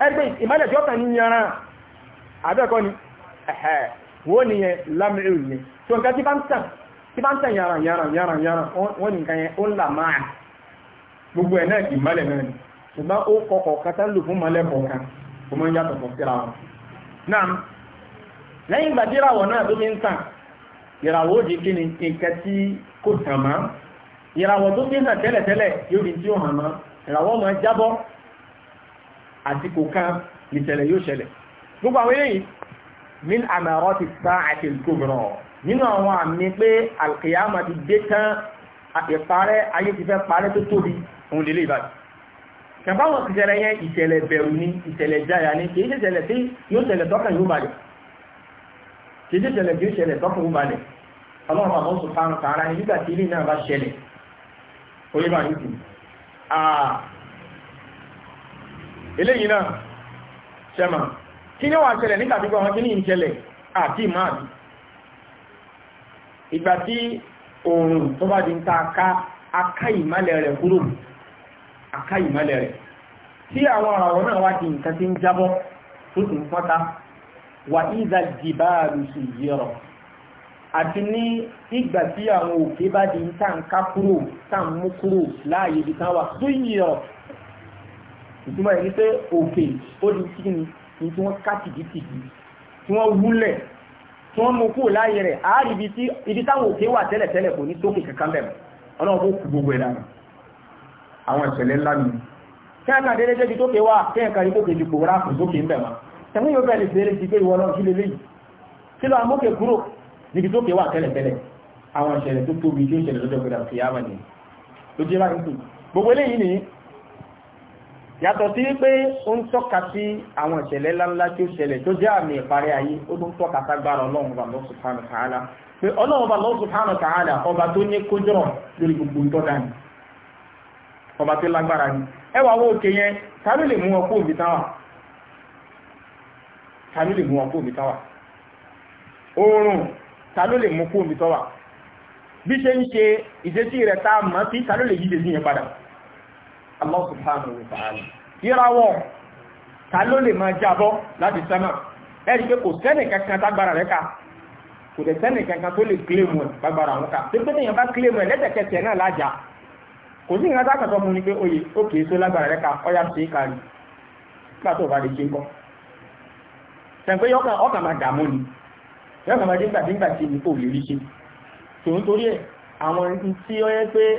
ẹgbẹ́ ìmọ́lẹ̀ tí ó ka ní yanran àbẹ́ẹ̀kọ́ ni ẹ̀hẹ́ wo ni yẹn lámìrì ni tó nǹkan tí bá ń tàn tí bá ń tàn wọ́n ni nǹkan yẹn ó là máa gbogbo ẹ̀ náà ìmọ́lẹ̀ náà ni ṣùgbọ́n ó kọkọ̀ kátà lò fún mọ́lẹ̀ kọ̀ọ̀kan kò mọ́ ń yàtọ̀ fún síra wọn. náà lẹ́yìn ìgbà tí ìràwọ̀ náà tó fi ń tàn ìràwọ̀ kí ni nǹkan tí kò tàn mọ́ ìràwọ̀ tó fi tẹ́lẹ̀tẹ́lẹ̀ yóò tí ó hàn mọ́ ìràwọ̀ máa àti kò kan nìṣẹ̀lẹ̀ yóò ṣẹlẹ̀ gbogbo àwọn eléyìí min amarati sa'ati al-kubra nínú àwọn àmì pé alkiyama ti dé tán ìparẹ́ ayé ti fẹ́ parẹ́ tó tóbi òun lélẹ̀ ìbáyìí kẹfàwọn ìṣẹ̀lẹ̀ yẹn ìṣẹ̀lẹ̀ bẹ̀rù ni ìṣẹ̀lẹ̀ jáyà ni kìí ṣe ṣẹlẹ̀ tí yóò ṣẹlẹ̀ tọ́kàn yóò balẹ̀ kìí ṣe ṣẹlẹ̀ tí yóò ṣẹlẹ̀ tọ́kàn yóò balẹ̀ ọlọ́run àwọn sùn fáwọn tààrà nígbà tí ilé náà bá ṣẹlẹ̀ orí bá yìí eléyìí náà ṣẹ́mà kí ní wà ṣẹlẹ̀ nígbà tí gbọ́n kí ní ìṣẹlẹ̀ àti ìmáàbí ìgbà tí oòrùn tó bá di ń ta aká aká ìmálẹ̀ rẹ̀ kúrò aká ìmálẹ̀ rẹ̀ tí àwọn àràwọ̀ náà wá di nǹkan tí ń jábọ́ tó sì ń fọ́ta wà ìdá jìbáàlù sí yẹrọ àti ní ìgbà tí àwọn òkè bá di ń ta ń kúrò tá ń mú kúrò láàyè ibi táwà tó yẹrọ ìtumọ̀ ẹ̀ ní pé òkè ó di kí ni ní tí wọ́n ká tìkìtìkì tí wọ́n wúlẹ̀ tí wọ́n mú kúrò láàyè rẹ̀ àárí ibi táwọn òkè wà tẹ́lẹ̀tẹ́lẹ̀ kò ní sókè kankan bẹ̀rẹ̀ ọlọ́run kú gbogbo ẹ̀dá àwọn ìṣẹ̀lẹ̀ ńlá mi kí a kàn déédéé di tókè wà kí ẹ̀ka ikókè ju kò rà kò sókè ń bẹ̀ mọ́ tẹ̀mú yóò bẹ̀rẹ̀ sí eré pé ìwọ ọlọ́run kí lè léyìí kí lọ amókè kúrò ni gbogbo eléyìí nìyí yàtọ̀ tí pé o ń tọ́ka sí àwọn ìṣẹ̀lẹ̀ ńláńlá tí ó ṣẹlẹ̀ tó jẹ́ àmì ìparí ayé ó ń tọ́ka ságbára ọlọ́run bàbá subhanahu pé ọba tó ní kójọ́ lórí gbogbo ọba tó lágbára ni òkè yẹn tàbí lè mú wọn kó òbí táwà tàbí lè mú wọn kó òbí táwà oòrùn tàbí lè mú kó òbí táwà bí ṣe a mọ̀ sí tàbí Allah subhanahu wa ta'ala ìràwọ̀ ta ló lè máa jábọ́ láti sánmà ẹ̀rí pé kò sẹ́nì kankan tágbára rẹ̀ ká kò dẹ̀ sẹ́nì kankan tó lè kílèmù ẹ̀ gbàgbára àwọn ká pé pété yẹn bá kílèmù ẹ̀ lẹ́tẹ̀kẹsẹ̀ náà lájà kò sí ìrántá kàtọ́ mu ni pé oyè ó kìí só lágbára rẹ̀ ká ọyà ṣe é kárí nígbà tó bá lè ṣe kọ́ sẹ̀ǹpé yọkàn ọkàn máa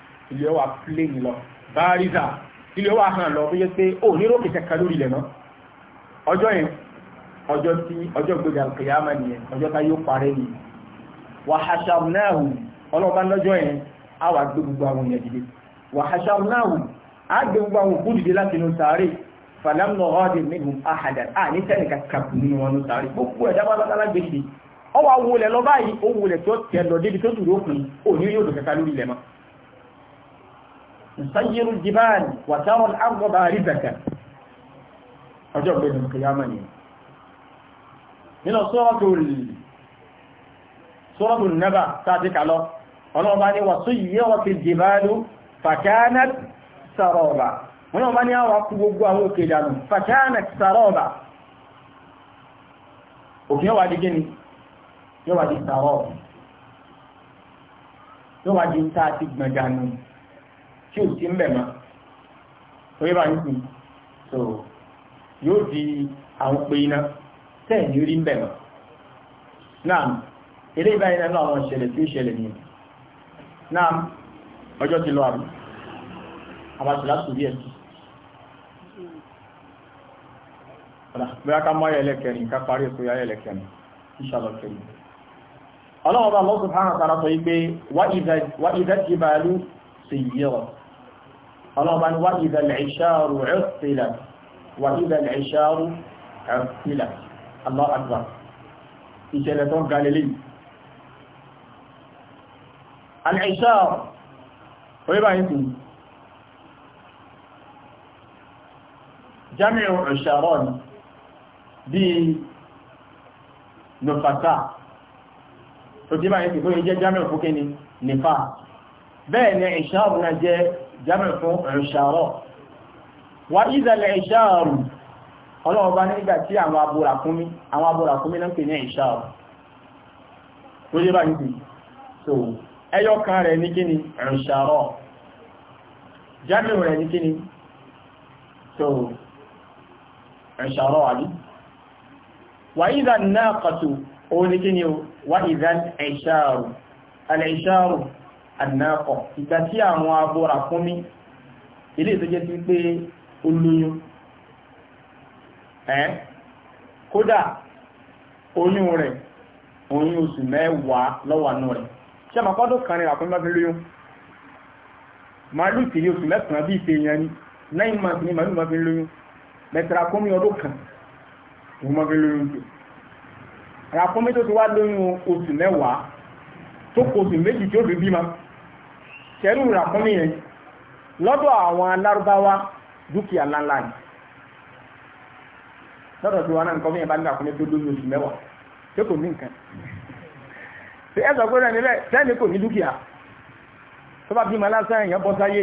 ilé ọwà pléènì lọ báríza ilé ọwà hàn lọ bí yẹ pé ó ní rókè kẹkẹ lórí ilẹ̀ náà ọjọ́ yẹn ọjọ́ tí ọjọ́ gbogbo àkèyàmà nìyẹn ọjọ́ tá yóò parẹ́ nìyẹn wàhásàm náà hù ọlọ́ọ̀bá lọ́jọ́ yẹn á wà gbé gbogbo àwọn èèyàn dìde wàhásàm náà hù á gbé gbogbo àwọn òkú dìde láti inú sàárè fàlám náà ọ̀hádì mẹ́gùn àhàdà á ní sẹ́yìn kàkàkù nínú wọn ní sàárè gbogbo ẹ̀dá bá lọ́tà lágbè dìde ọwọ́ awolẹ̀ lọ báyìí ó wulẹ̀ tó tẹ̀ lọ débi tó dùn ó kùn ó ní yóò dùn lórí ilẹ̀ mọ́ ìsáyẹrù jìbáàlì wàtàrọ̀ àgbọ̀bà àríbẹ̀kẹ̀ ọjọ́ ìgbẹ̀lú kìyàmà ni nínú sọ́rọ̀tù nẹ́bà tàbí kalọ́ ọlọ́ọ̀bá ni wà tó yíyẹ́ wà fi jìbáàlù fàkánat sàrọ̀bà wọ́n yọ́ bá ní àwọn akú gbogbo àwọn òkè ìdànù fàkánat sàrọ̀bà òkè yọ́wà di gíní yọ́wà di sàrọ̀bà yọ́wà di ta ti gbẹ̀gànù tí ò sí ń bẹ̀ mọ́ torí bá ń sìn so yóò di àwọn pé iná tẹ́ẹ̀ ní rí ń bẹ̀ mọ́ náà eré ìbáyìí náà àwọn ìṣẹ̀lẹ̀ tí ó ṣẹlẹ̀ ní náà ọjọ́ ti lọ àrùn àbáṣe láti díẹ̀ bí a ká mọ́ ẹlẹ́kẹrin ká parí ètò ya ẹlẹ́kẹrin ìṣàlọ̀kẹrin ọlọ́wọ́ bá lọ́sùn fáhàn tààrà sọ wípé ti bàálù sí yíọ̀ ọlọ́ọ̀bá ni wá ìdàlẹ̀ ìṣàrù ẹ̀fìlà wà ìdàlẹ̀ ìṣàrù ẹ̀fìlà Allahu Akbar ìṣẹ̀lẹ̀ tó ga lélẹ̀ al-ìṣàrù orí báyìí sí jami'u ìṣàrọ̀ ni jẹ́ jámẹ̀ fún ẹ̀ṣàrọ̀ wà ìzẹ̀lẹ̀ ìṣàrù ọlọ́ọ̀bá nígbà tí àwọn aborakúnmí àwọn aborakúnmí náà pè ní ìṣàrù tó yé bá nígbì so ẹyọ kan rẹ̀ ní kíni ẹ̀ṣàrọ̀ jámẹ̀ rẹ̀ ní kíni so ẹ̀ṣàrọ̀ àbí wà ìzẹ̀ náà kàtù ó ní kíni wà ànáàkọ̀ ìgbà tí àwọn abọ́ra fún mi ilé tó jẹ́ sí pé olóyún ẹ́ kódà oyún rẹ̀ oyún oṣù mẹ́wàá lọ́wọ́nú rẹ̀ ṣe àmàkọ́dọ̀ kan rẹ̀ àkọ́mí bá fi lóyún màálù tí oṣù mẹ́sàn bí ìfẹ́ yẹn ni nine months ni màálù bá fi lóyún mẹ́tẹ̀rà kọ́mí ọdún kan òun bá fi lóyún jù ràkọ́mí tó ti wá lóyún oṣù mẹ́wàá tó kò oṣù méjì tí ó fi bímọ ṣẹ́rù ràkúnmí yẹn lọ́dọ̀ àwọn alárúbáwá dúkìá ńláńlá ni lọ́dọ̀ tí wọn náà nǹkan mìíràn bá ní ràkúnmí tó lórí oṣù mẹ́wàá tí kò ní nǹkan ṣe ẹ sọ pé rẹ̀ nílẹ̀ sẹ́ni kò ní dúkìá tó bá bímọ lásán èèyàn bọ́ sáyé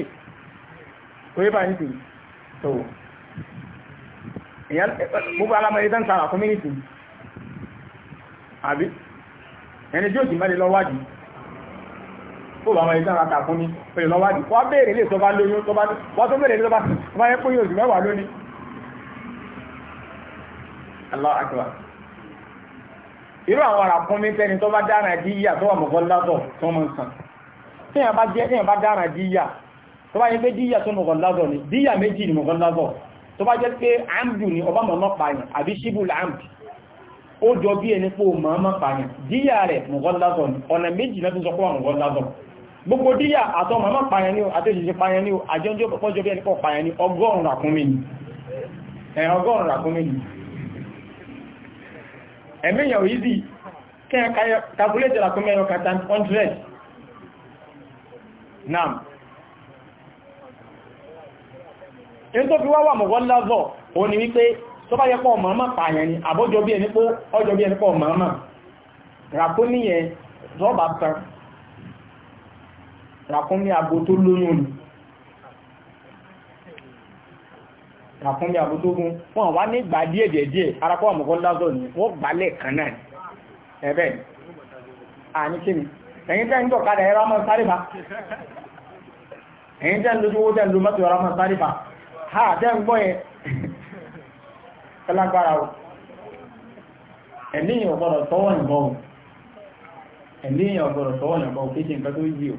kò yé bá ń sìn tó gbogbo alamọ̀lẹ́ tán tara kọ́mínítì àbí ẹni tí ó sì mẹ́lẹ̀ lọ́wádìí tó bá máa ìsára kà fún ní pẹ̀lú lọ́wádìí wọ́n béèrè lè tó bá lóyún tó bá wọ́n tó béèrè lè tó bá máa yẹn akbar irú àwọn ará fún mi tẹ́ni tó bá dára díyà tó wà mọ̀kọ́ látọ̀ tó mọ̀ sàn tí yẹn bá jẹ́ tí yẹn bá dára díyà tó bá yẹn pé díyà tó mọ̀kọ́ látọ̀ ni díyà méjì ni mọ̀kọ́ látọ̀ tó bá jẹ́ pé amdu ni ọba mọ̀ mọ́ àbí shibul amd ó jọ bí ẹni pé mọ̀ mọ́ díyà rẹ̀ mọ̀kọ́ látọ̀ ni ọ̀nà méjì náà gbogbo díyà àtọ́ màmá pààyàn ní o àtẹ́ṣẹ́ṣẹ́ pààyàn ní o àjọ́jọ́ pọ́jọ́ bí ẹnìkọ́ pààyàn ní ọgọ́rùn ràkúnmí ni ọgọ́rùn ràkúnmí ni ẹ̀mẹ́yàn òyízi kẹ́ kàbúlẹ́tẹ̀ ràkúnmí ẹ̀yọ kàtà 100 nam in tó fi wáwà mọ̀wọ́ lázọ̀ o ni wípé tó bá yẹpọ̀ màmá pààyàn ni àbọ́jọ́ bí ẹnìkọ́ ọjọ́ bí ẹnìkọ́ màmá ràkúnmí yẹn rọ́bà tán ràkúnmí àbò tó lóyún ni ràkúnmí àbò tó gún wọ́n wá ní gbà díẹ̀ díẹ̀ díẹ̀ arákọ́ àmọ́kọ́ lázọ̀ ni wọ́n gbà lẹ́ẹ̀kan náà ẹ̀bẹ̀ àní kí ni ẹ̀yin tẹ́ ń jọ kadà ẹ̀rọ máa sáré fa ẹ̀yin tẹ́ ń lójú owó tẹ́ ń lo mọ́tò ẹ̀rọ máa sáré fa ha tẹ́ ń gbọ́ yẹn ẹlágbára o ẹ̀mí ìyàn ọ̀gbọ̀dọ̀ tọ́wọ́ ìbọn ẹ̀mí ìyàn ọ̀gbọ̀dọ̀ tọ́wọ́ ìbọn kéjì nǹkan tó yí o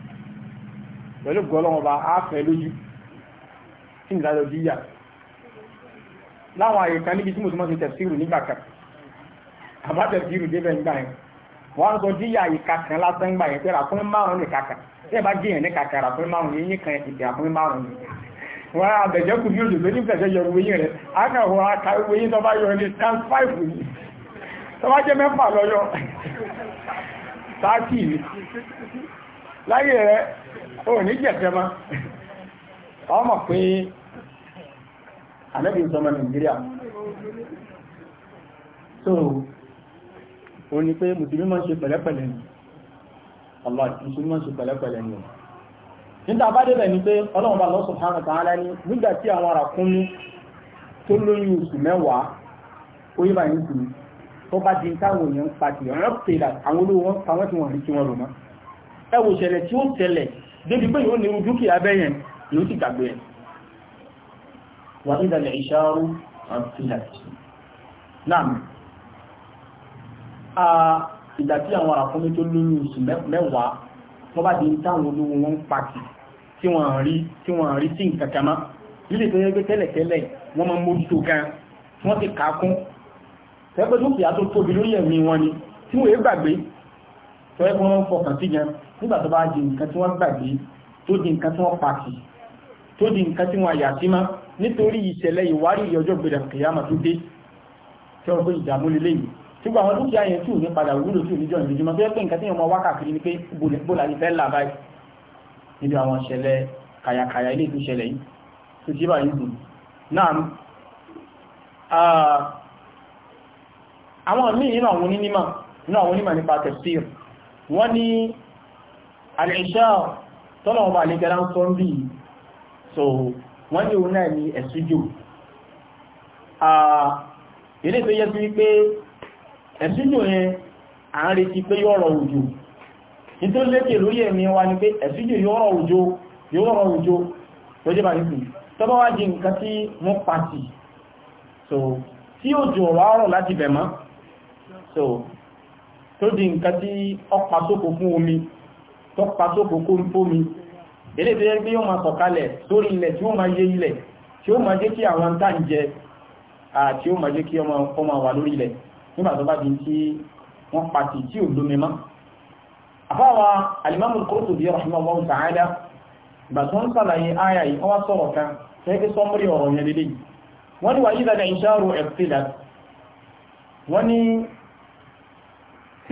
pẹ̀lú gọ́lọ́wọ́ba áfẹ́ lójú tí ìdájọ́ jíyà láwọn àyíká níbi tí mo ti mọ́ sí tẹ̀síìrù nígbà kan àbá tẹ̀síìrù débẹ̀ nígbà yẹn wọ́n sọ jíyà ìka kan lásán nígbà yẹn pé ràkúnmí márùn ní kàkà tí ẹ bá jiyàn ní kàkà ràkúnmí márùn yìí kan ìdè ràkúnmí márùn ni wọ́n á bẹ̀jẹ́ kú bí ó dòdò ní fẹ̀jẹ́ yọrù wéyìn rẹ̀ á kà wọ́n á ka wéyìn tó bá yọrù ní tan five ni tó bá jẹ́ mẹ́fà lọ́yọ́ sáà láyé rẹ̀ ó ní jẹ̀kẹ́ ma ọmọ pé ànábì ìjọba nàìjíríà so ó ní pé mùsùlùmí máa ń ṣe Allah mùsùlùmí máa ń ṣe pẹ̀lẹ́pẹ̀lẹ́ ni nígbà bá débẹ̀ ni pé ọlọ́run bá Allah subhanahu wa ta'ala ní nígbà tí àwọn arákùnrin tó lóyún oṣù mẹ́wàá oyè bá yín kù tó bá di táwọn èèyàn pàtì ọ̀rọ̀ pèlà àwọn olówó ẹwù ìṣẹ̀lẹ̀ tí ó tẹ̀lẹ̀ débi pé yóò ní irú dúkìá bẹ́yẹn yóò sì gbàgbé ẹ̀ wà ìdàlẹ̀ ìṣàrú àfihàtì náà a ìgbà tí àwọn àràfúnmí tó lóyún oṣù mẹ́wàá wọ́n bá di ń táwọn olówó wọn pàtì tí wọ́n rí tí wọ́n rí sí nǹkan kan mọ́ lílè tó yẹ pé tẹ́lẹ̀tẹ́lẹ̀ wọ́n máa ń mójútó gan wọ́n ti kà tóbi lórí ẹ̀mí wọn ni tí wọ́n yé gbàgbé tọ́ẹ́gbọ́n fọkàn sí gan nígbà tó bá di nǹkan tí wọ́n gbàgbé tó di nǹkan tí wọ́n pàtì tó di nǹkan tí wọ́n yàtí má nítorí ìṣẹ̀lẹ̀ ìwárìrì ọjọ́ gbẹ̀rẹ̀ kìyàmà tó dé tí wọ́n gbé ìdààmú lélẹ̀ yìí sígbà àwọn dúkìá yẹn tí ò ní padà wúlò tí ò ní jọ ìdíjúmọ́ tó yẹ pé nǹkan tí wọ́n wá ni pé bóla ní fẹ́ là báyìí ah, àwọn míì nínú àwọn onímọ̀ nípa tẹ̀síìr wọ́n ní àlẹ́ṣà tọ́nà ọba àlẹ́gẹ́rá ń sọ ń bí so wọ́n ni òun náà ní ẹ̀sùjò ilé tó yẹ sí wípé ẹ̀sùjò yẹn à ń retí pé yóò òjò nítorí lékè lórí ẹ̀mí wa ni pé ẹ̀sùjò yóò rọ̀ òjò yóò rọ̀ òjò tó jẹ́ bá nípìn tó bá di nǹkan tí wọ́n pàtì so tí òjò ọ̀rọ̀ ọ̀rọ̀ láti bẹ̀ so tó di nǹkan tí ọpa fún omi tó pa sóko kó ń fómi ilé tó yẹ pé yóò máa sọ̀kalẹ̀ sórí ilẹ̀ tí ó máa yé ilẹ̀ tí ó máa jẹ́ kí àwọn tá ń jẹ àti ó máa jẹ́ kí ọmọ wà lórí ilẹ̀ nígbà tó bá di tí wọ́n pàtì tí ò lómi mọ́ àfáwà alimamu Qurtubi rahimahullah ta'ala ìgbà tó ń sàlàyé áyà yìí wọ́n sọ̀rọ̀ kan fẹ́ẹ́kẹ́ sọmúrí ọ̀rọ̀ yẹn lélẹ̀ wọ́n ni wà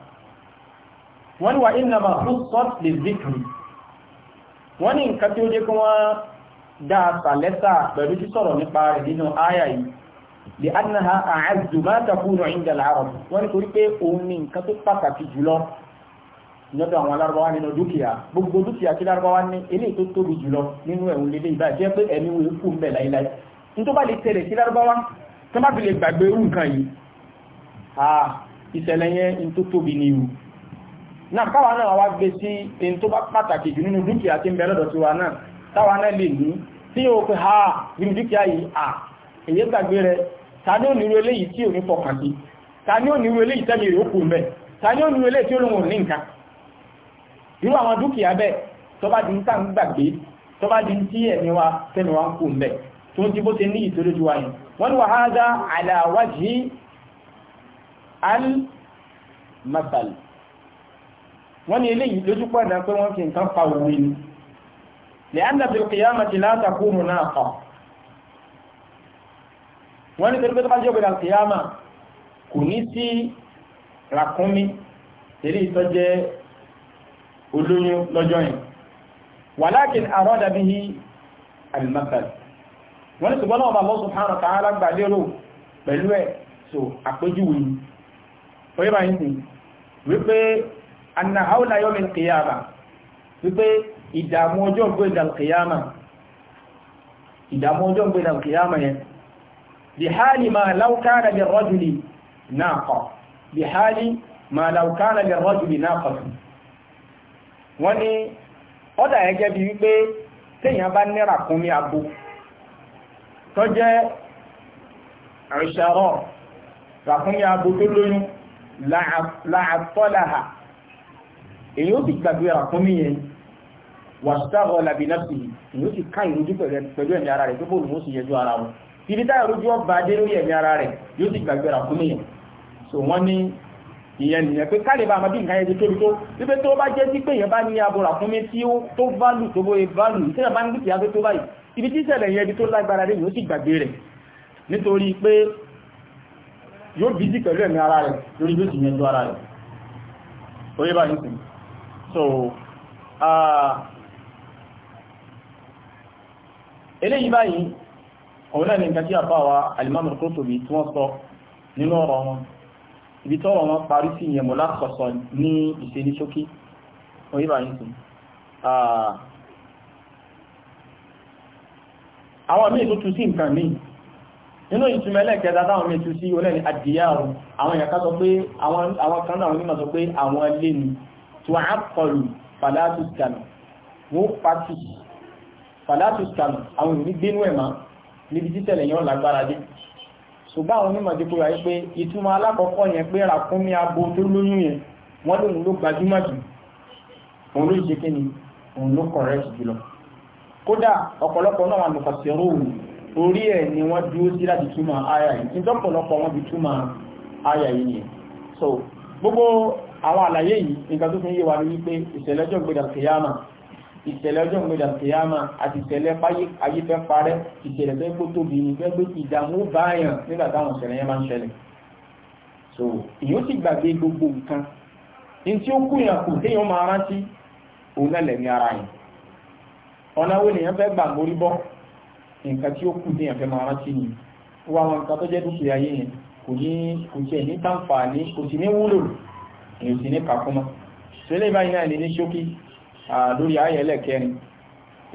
wọ́n wà iná ma fún sọ́t lè zikri wọ́n ní nǹkan tí ó jẹ́ kí wọ́n dá sàlẹ́sà pẹ̀lú tí sọ̀rọ̀ nípa rẹ̀ nínú àyà yìí lè adìnaha àázù má takúrò ìjà láàrọ̀ wọ́n ní torí pé òun ní nǹkan tó pàtàkì jùlọ lọ́dọ̀ àwọn alárọ̀báwá nínú dúkìá gbogbo dúkìá tí lárọ̀báwá ní eléyìí tó tóbi jùlọ nínú ẹ̀hún lélé ìbáyìí pé ẹ̀mí wo kú mbẹ̀ láíláí ní tó bá lè tẹ̀lé sí lárọ̀báwá tó bá fi lè gbàgbé irú nǹkan yìí ìṣẹ̀lẹ̀ yẹn ní tó tóbi ni o náà káwa náà wá gbé sí in tó bá pàtàkì jù nínú dúkìá tí ń bẹ lọ́dọ̀ tiwa náà táwa náà lè ní tí o fi ha nínú dúkìá yìí à èyí gbàgbé rẹ ta ni ó nírú eléyìí tí ò ní fọkàn sí ta ni ó nírú eléyìí tẹ́mi rè ó kù mẹ́ ta ni ó nírú eléyìí tí ó ní nǹkan irú àwọn dúkìá bẹ́ẹ̀ tó bá di ń ń gbàgbé tó bá di tí ẹ̀mí wa tẹ́mi wa ń kù mẹ́ tó ń ti bó ṣe ní ìtòrí ju wáyé wọ́n ní eléyìí lójú pàdà pé wọ́n fi nǹkan fa òwe ni li'anna fil qiyamati la taqumu naqa wọ́n ní torí pé tó bá jẹ́ òkèdà kìyàmà kò ní sí ràkúnmí eléyìí tó olóyún lọ́jọ́ yẹn walakin arada bihi al-mathal wọ́n ní ṣùgbọ́n náà Allah subhanahu wa ta'ala gbà lérò pẹ̀lú ẹ̀ so àpéjúwe wípé anna haula yawm al-qiyama wípé ìdààmú ọjọ́ gbé al-qiyama ìdààmú ọjọ́ gbé al-qiyama yẹn bi hali ma law kana bi rajuli naqa bi hali ma law kana bi rajuli naqa wọ́n ní ọ̀dà ẹgẹ́ bí wípé téèyàn bá nẹ́ra kún mi abo tó jẹ́ àìṣàrọ̀ ràkúnmí abo tó lóyún láàtọ́láha la èyí ó ti gbàgbé ràkúnmí yẹn wàṣítàrọ̀ làbínàfì èyí ó ti ká ìrójú pẹ̀lú ẹ̀mí ara rẹ̀ pé bóòlù ó sì yẹjú ara wọn ibi táyà rójú ọba dé lórí ẹ̀mí ara rẹ̀ yóò ti gbàgbé ràkúnmí yẹn so wọ́n ní ìyẹn nìyẹn pé ká lè bá àmọ́bí nǹkan yẹn ti tóbi tó wípé tó bá jẹ́ sí pé èèyàn bá ní abo ràkúnmí tí ó tó válù tó bóye válù tí wọ́n bá ní dúkìá tó tó báyìí ibi tí ìṣẹ̀lẹ̀ yẹn ibi tó lágbára rẹ̀ yóò sì gbàgbé rẹ̀ nítorí pé yóò bí sí pẹ̀lú ẹ̀mí ara rẹ̀ lórí bí ó sì yẹn tó ara rẹ̀ orí bá ní so uh, eléyìí báyìí òun náà ni nǹkan tí àbá wa al-Imam al-Qurtubi tí wọ́n sọ nínú ọ̀rọ̀ wọn ibi tọ́rọ̀ wọn parí sí ìyẹn mọ̀ lásọ̀sọ̀ ní ìṣẹ́ni ṣókí òun yìí báyìí sí uh, àwọn míì tó tú sí nǹkan míì nínú ìtumẹ̀lẹ̀ kẹta táwọn míì tú sí olẹ́ni àdìyà àwọn ìyàká sọ pé àwọn kan náà onímọ̀ sọ pé àwọn ilé ni tó á kọlù fàlátù kànà wọ́n pàtì fàlátù kànà àwọn ìlú gbénú ẹ̀ máa níbi títẹ̀lẹ̀ yẹn lágbára dé ṣùgbọ́n àwọn onímọ̀ ti kúrò pé ìtumọ̀ alákọ̀ọ́kọ́ yẹn pé ràkúnmí abo tó lóyún yẹn wọ́n lòun ló gbajúmọ̀ jù òun ló ṣe kíni òun ló correct kódà ọ̀pọ̀lọpọ̀ náà wà lùfàṣẹ̀rò orí ẹ̀ ni wọ́n dúró sí láti túmọ̀ àyà yìí ìjọpọ̀lọpọ̀ wọn fi túmọ̀ àyà yìí nìyẹn so gbogbo àwọn àlàyé yìí nǹkan tó fi ń yé wa ní wípé ìṣẹ̀lẹ̀ ọjọ́ ìgbéda kìyàmà ìṣẹ̀lẹ̀ ọjọ́ ìgbéda kìyàmà àti ìṣẹ̀lẹ̀ ayé fẹ́ parẹ́ ìṣẹ̀lẹ̀ fẹ́ kó tóbi ní fẹ́ báyàn nígbà ìṣẹ̀lẹ̀ yẹn máa ń ṣẹlẹ̀ so èyí ó sì gbàgbé gbogbo nǹkan ní tí ó kú yàn kù téèyàn máa rántí òun náà lẹ̀mí ara yẹn ọ̀nà wo nìyẹn fẹ́ gbà mórí bọ́ nǹkan tí ni wọ́n ní kò ní kò sì ní wúlò èyí ti ní kàkúmọ́ tó lè báyìí náà lè ní ṣókí lórí ayẹ̀lẹ̀ kẹrin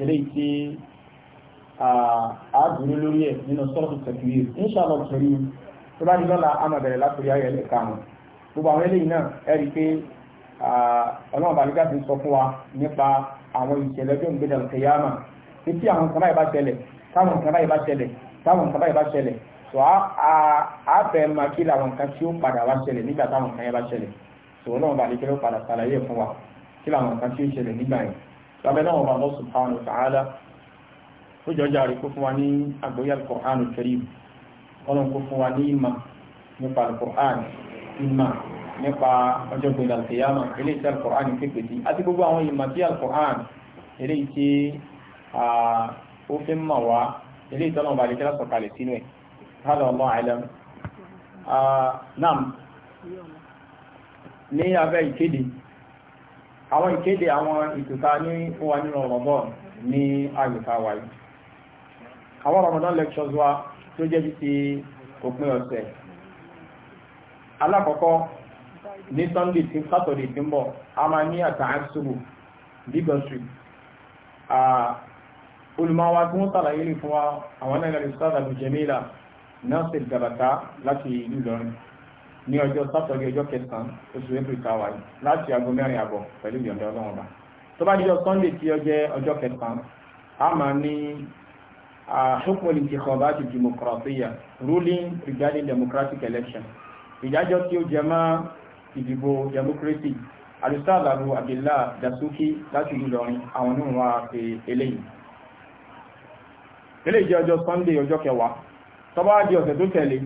eléyìí tí a dúró lórí ẹ̀ nínú sọ́ọ̀tù tẹ̀kìlì inshallah torí tó bá di lọ́la a máa bẹ̀rẹ̀ látòrí ayẹ̀lẹ̀ karùn-ún gbogbo àwọn eléyìí náà ẹ rí i pé ọlọ́run bàlúgà ti sọ fún wa nípa àwọn ìṣẹ̀lẹ̀ tó ń gbé dàlù kẹyàmà títí àwọn nǹkan báyìí bá ṣẹlẹ̀ táwọn nǹkan báyìí bá ṣẹlẹ̀ táwọn a fẹ́ máa kí làwọn nǹkan tí ó padà wá ṣẹlẹ̀ nígbà táwọn nǹkan bá ṣẹlẹ̀ sọ̀rọ̀ náà bá lè kẹ́lẹ́ padà sàlàyé fún wa kí làwọn nǹkan tí ó ṣẹlẹ̀ nígbà yẹn lábẹ́ náà bá Allah subhanahu wa ó jọjá rí kó fún wa ní àgbóyà Al-Qur'an Al-Karim ọlọ́run kó fún quran ìmà nípa ọjọ́ gbẹ̀dà al-qiyama eléyìí quran képe sí àti gbogbo àwọn ìmà quran eléyìí tí ó fi ń mà wá eléyìí tí ọlọ́run bá lè kẹ́lẹ́ sọ̀kalẹ̀ sínú ní abẹ́ ìkéde àwọn ìkéde àwọn ìtòta ní wà nínú Ramadan ní àgbẹ̀ta wà yìí àwọn Ramadan lectures wa tó jẹ́ bí ti òpin ọ̀sẹ̀ alákọ̀ọ́kọ́ ní Sunday tí Saturday tí ń bọ̀ a máa ní àtàásùrù Lagos Street olùmọ̀wá tí wọ́n sàlàyé lè fún wa àwọn Gabata láti ìlú Ìlọrin ní ọjọ́ sátọ̀dé ọjọ́ kẹsàn-án oṣù april káwà yìí láti aago mẹ́rin àbọ̀ pẹ̀lú ìyọ̀ǹda ọlọ́run ọba tó bá díjọ sunday tí ó jẹ́ ọjọ́ kẹsàn-án a máa ní àṣùpọ̀lì ti kọ̀ bá ti ruling regarding democratic election ìdájọ́ tí ó jẹ mọ́ ìdìbò democracy alùsáàlàrú abdullá dasuki láti ìlọrin àwọn ní wọn pe eléyìí eléyìí jẹ́ ọjọ́ sunday ọjọ́ kẹwàá tó bá di ọ̀sẹ̀ tó tẹ̀lé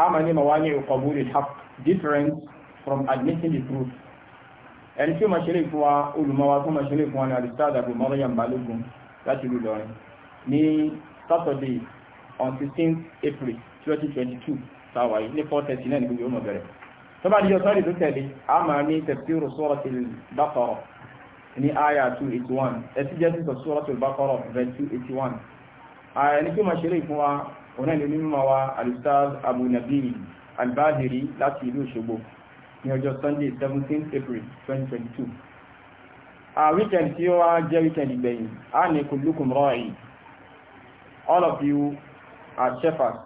a máa ní mawani qabul different from admitting the truth ẹni tí ó máa ṣeré fún wa olùmọ́wá tó máa ṣeré fún wa ní alistad abu maryam balógun láti ìlú Ìlọrin ní Saturday on 16 April 2022 sáwàá yìí ní 4:30 náà ní gbogbo ọmọ bẹ̀rẹ̀ tó bá díjọ sọ́ọ̀dì tó tẹ̀lé a máa ní tafsiru suratul Baqara ní àyà 281 ẹtí jẹ́ sí suratul Baqara verse 281 ẹni tí ó máa ṣeré fún wa ọ̀nà ilé mímọ̀ wa alustaz abu nabil albahiri láti ìlú òṣogbo ní ọjọ́ sunday 17 april 2022 a weekend tí ó wá jẹ́ weekend ìgbẹ̀yìn a ní kullukum ra'i all of you are shepherds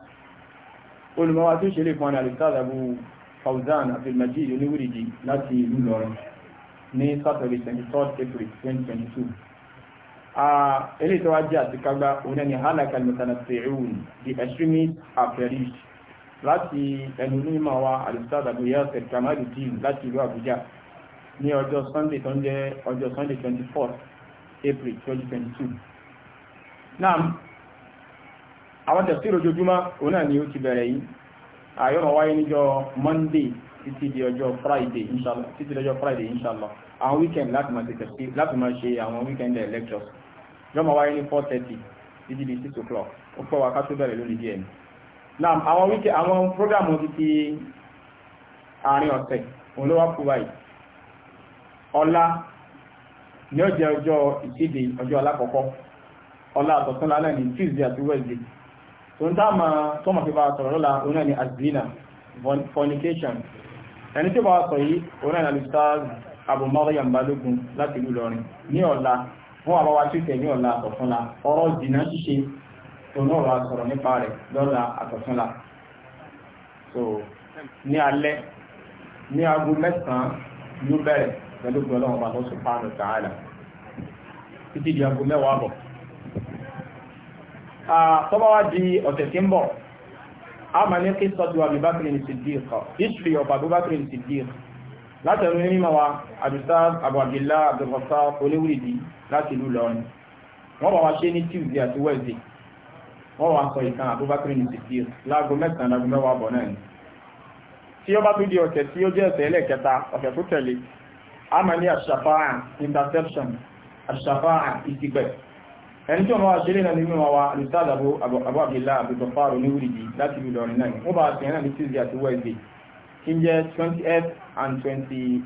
olùmọ́wà tó ṣe lè fún ọ̀nà alustaz abu fauzan abdulmajid oníwìrìdì láti ìlú lọrin ní saturday 23 april 2022 eléyìí tó wá jẹ́ àtikágbá òun ẹni halakal mutanasi'un the extremist affairs láti ẹnu onímọ̀ wa alustad abu yasir kamaluddin láti ìlú Àbújá ní ọjọ́ sunday tó ń jẹ́ ọjọ́ sunday 24th april 2022 náà àwọn tẹ̀síro ojoojúmọ́ òun náà ni ó ti bẹ̀rẹ̀ yìí àyọ́rọ̀ wáyé níjọ́ monday títí di ọjọ́ friday inshallah títí di ọjọ́ friday inshallah àwọn weekend láti máa ṣe àwọn weekend lectures yọmọ wáyé ní four thirty títí di six o'clock ó pọ̀ wá ká tó bẹ̀rẹ̀ lórí díẹ̀ ni. now àwọn wíkẹ́ àwọn program ti ti àárín ọ̀sẹ̀ òun ló wá kú báyìí ọ̀la ní ọjọ́ ọjọ́ ìkéde ọjọ́ alákọ̀ọ́kọ́ ọ̀la àtọ̀tún lálẹ́ ní tuesday àti wednesday tó ń dá ma tó ma fi bá sọ̀rọ̀ lọ́la òun náà ni azina fornication ẹni tí ó bá sọ yìí òun náà ni alustaz abu láti ìlú Ìlọrin ní ọ̀la wọ́n àbáwá tí tẹ̀lé ọ̀la àtọ̀fúnla ọ̀rọ̀ jìnnà ṣíṣe òun náà wà sọ̀rọ̀ nípa rẹ̀ lọ́la àtọ̀fúnla so ní alẹ́ ní aago mẹ́sàn-án ló bẹ̀rẹ̀ pẹ̀lú gbọ́dọ̀ ọba lọ sí páànù tààlà títí di aago mẹ́wàá bọ̀ di ọ̀sẹ̀ tí ń bọ̀ a máa history of Abubakar ní Siddiq látẹ̀rù ní mímọ̀ wa àdùsá Abu Abdillah láti ìlú lọrin wọ́n wá wá ṣe ní tuesday àti wednesday wọ́n wá sọ ìkan Abubakar ní sèkíyà láago mẹ́sàn-án láago mẹ́wàá bọ̀ náà ni tí ó bá tún di ọ̀sẹ̀ tí ó jẹ́ ọ̀sẹ̀ ẹlẹ́ẹ̀kẹta ọ̀sẹ̀ tó tẹ̀lé a máa ní àṣàfáà interception àṣàfáà ìsìgbẹ̀ ẹni tí wọ́n wá ṣeré náà nínú wa alùsádàbò Abu Abdillah àbùtọ̀fáàrò ní wùdìdì láti ìlú lọrin náà wọ́n bá ṣe náà ní tuesday àti wednesday kí ń jẹ́ 28th and 20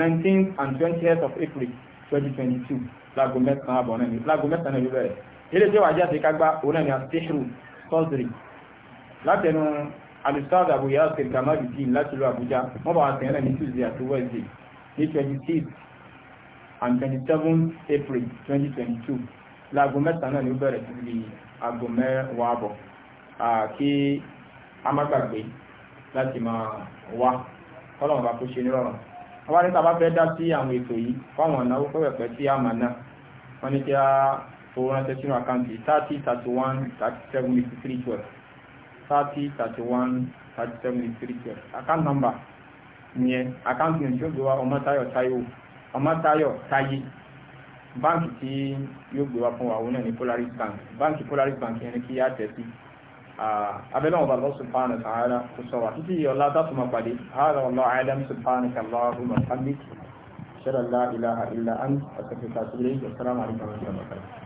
19th and 20th of April twenty twenty two láago mẹ́sàn-án àbọ̀ náà ni láago mẹ́sàn-án náà ló bẹ̀rẹ̀ eré tí wàá jẹ́ àti kágbá ni àtẹ́rù sọ́ọ̀sìrì látẹnu alustad abuya ọ̀sẹ̀ kamadi dín láti lu Àbújá wọ́n bá wọn sẹ̀yìn náà Tuesday àti Wednesday ní twenty six and twenty seven April twenty twenty two láago mẹ́sàn-án náà ni ó bẹ̀rẹ̀ sí aago mẹ́wàá àbọ̀ kí a láti máa wá kọ́lọ́mù kó ṣe nírọ̀rùn àwọn àti sábà fẹ́ dá sí àwọn ètò yìí fáwọn ìnáwó pẹ́pẹ̀pẹ́ sí àmà náà wọ́n ní kí a fowó ránṣẹ́ sínú àkáǹtì thirty thirty one thirty seven three twelve thirty thirty one thirty seven three twelve account number nìyẹn àkáǹtì ní tí ó gbé wa Ọmọ́táyọ̀ Táíwò Ọmọ́táyọ̀ Táyé báǹkì tí yóò gbé wa fún wa òun ní Polaris Bank báǹkì Polaris Bank yẹn ni kí á tẹ̀ sí آه، أبلغ الله سبحانه وتعالى في الصراحة ولا تطمع بلي هذا والله أعلم سبحانك اللهم الحمد شر الله إله إلا أنت أتفكى سبحانه والسلام عليكم ورحمة الله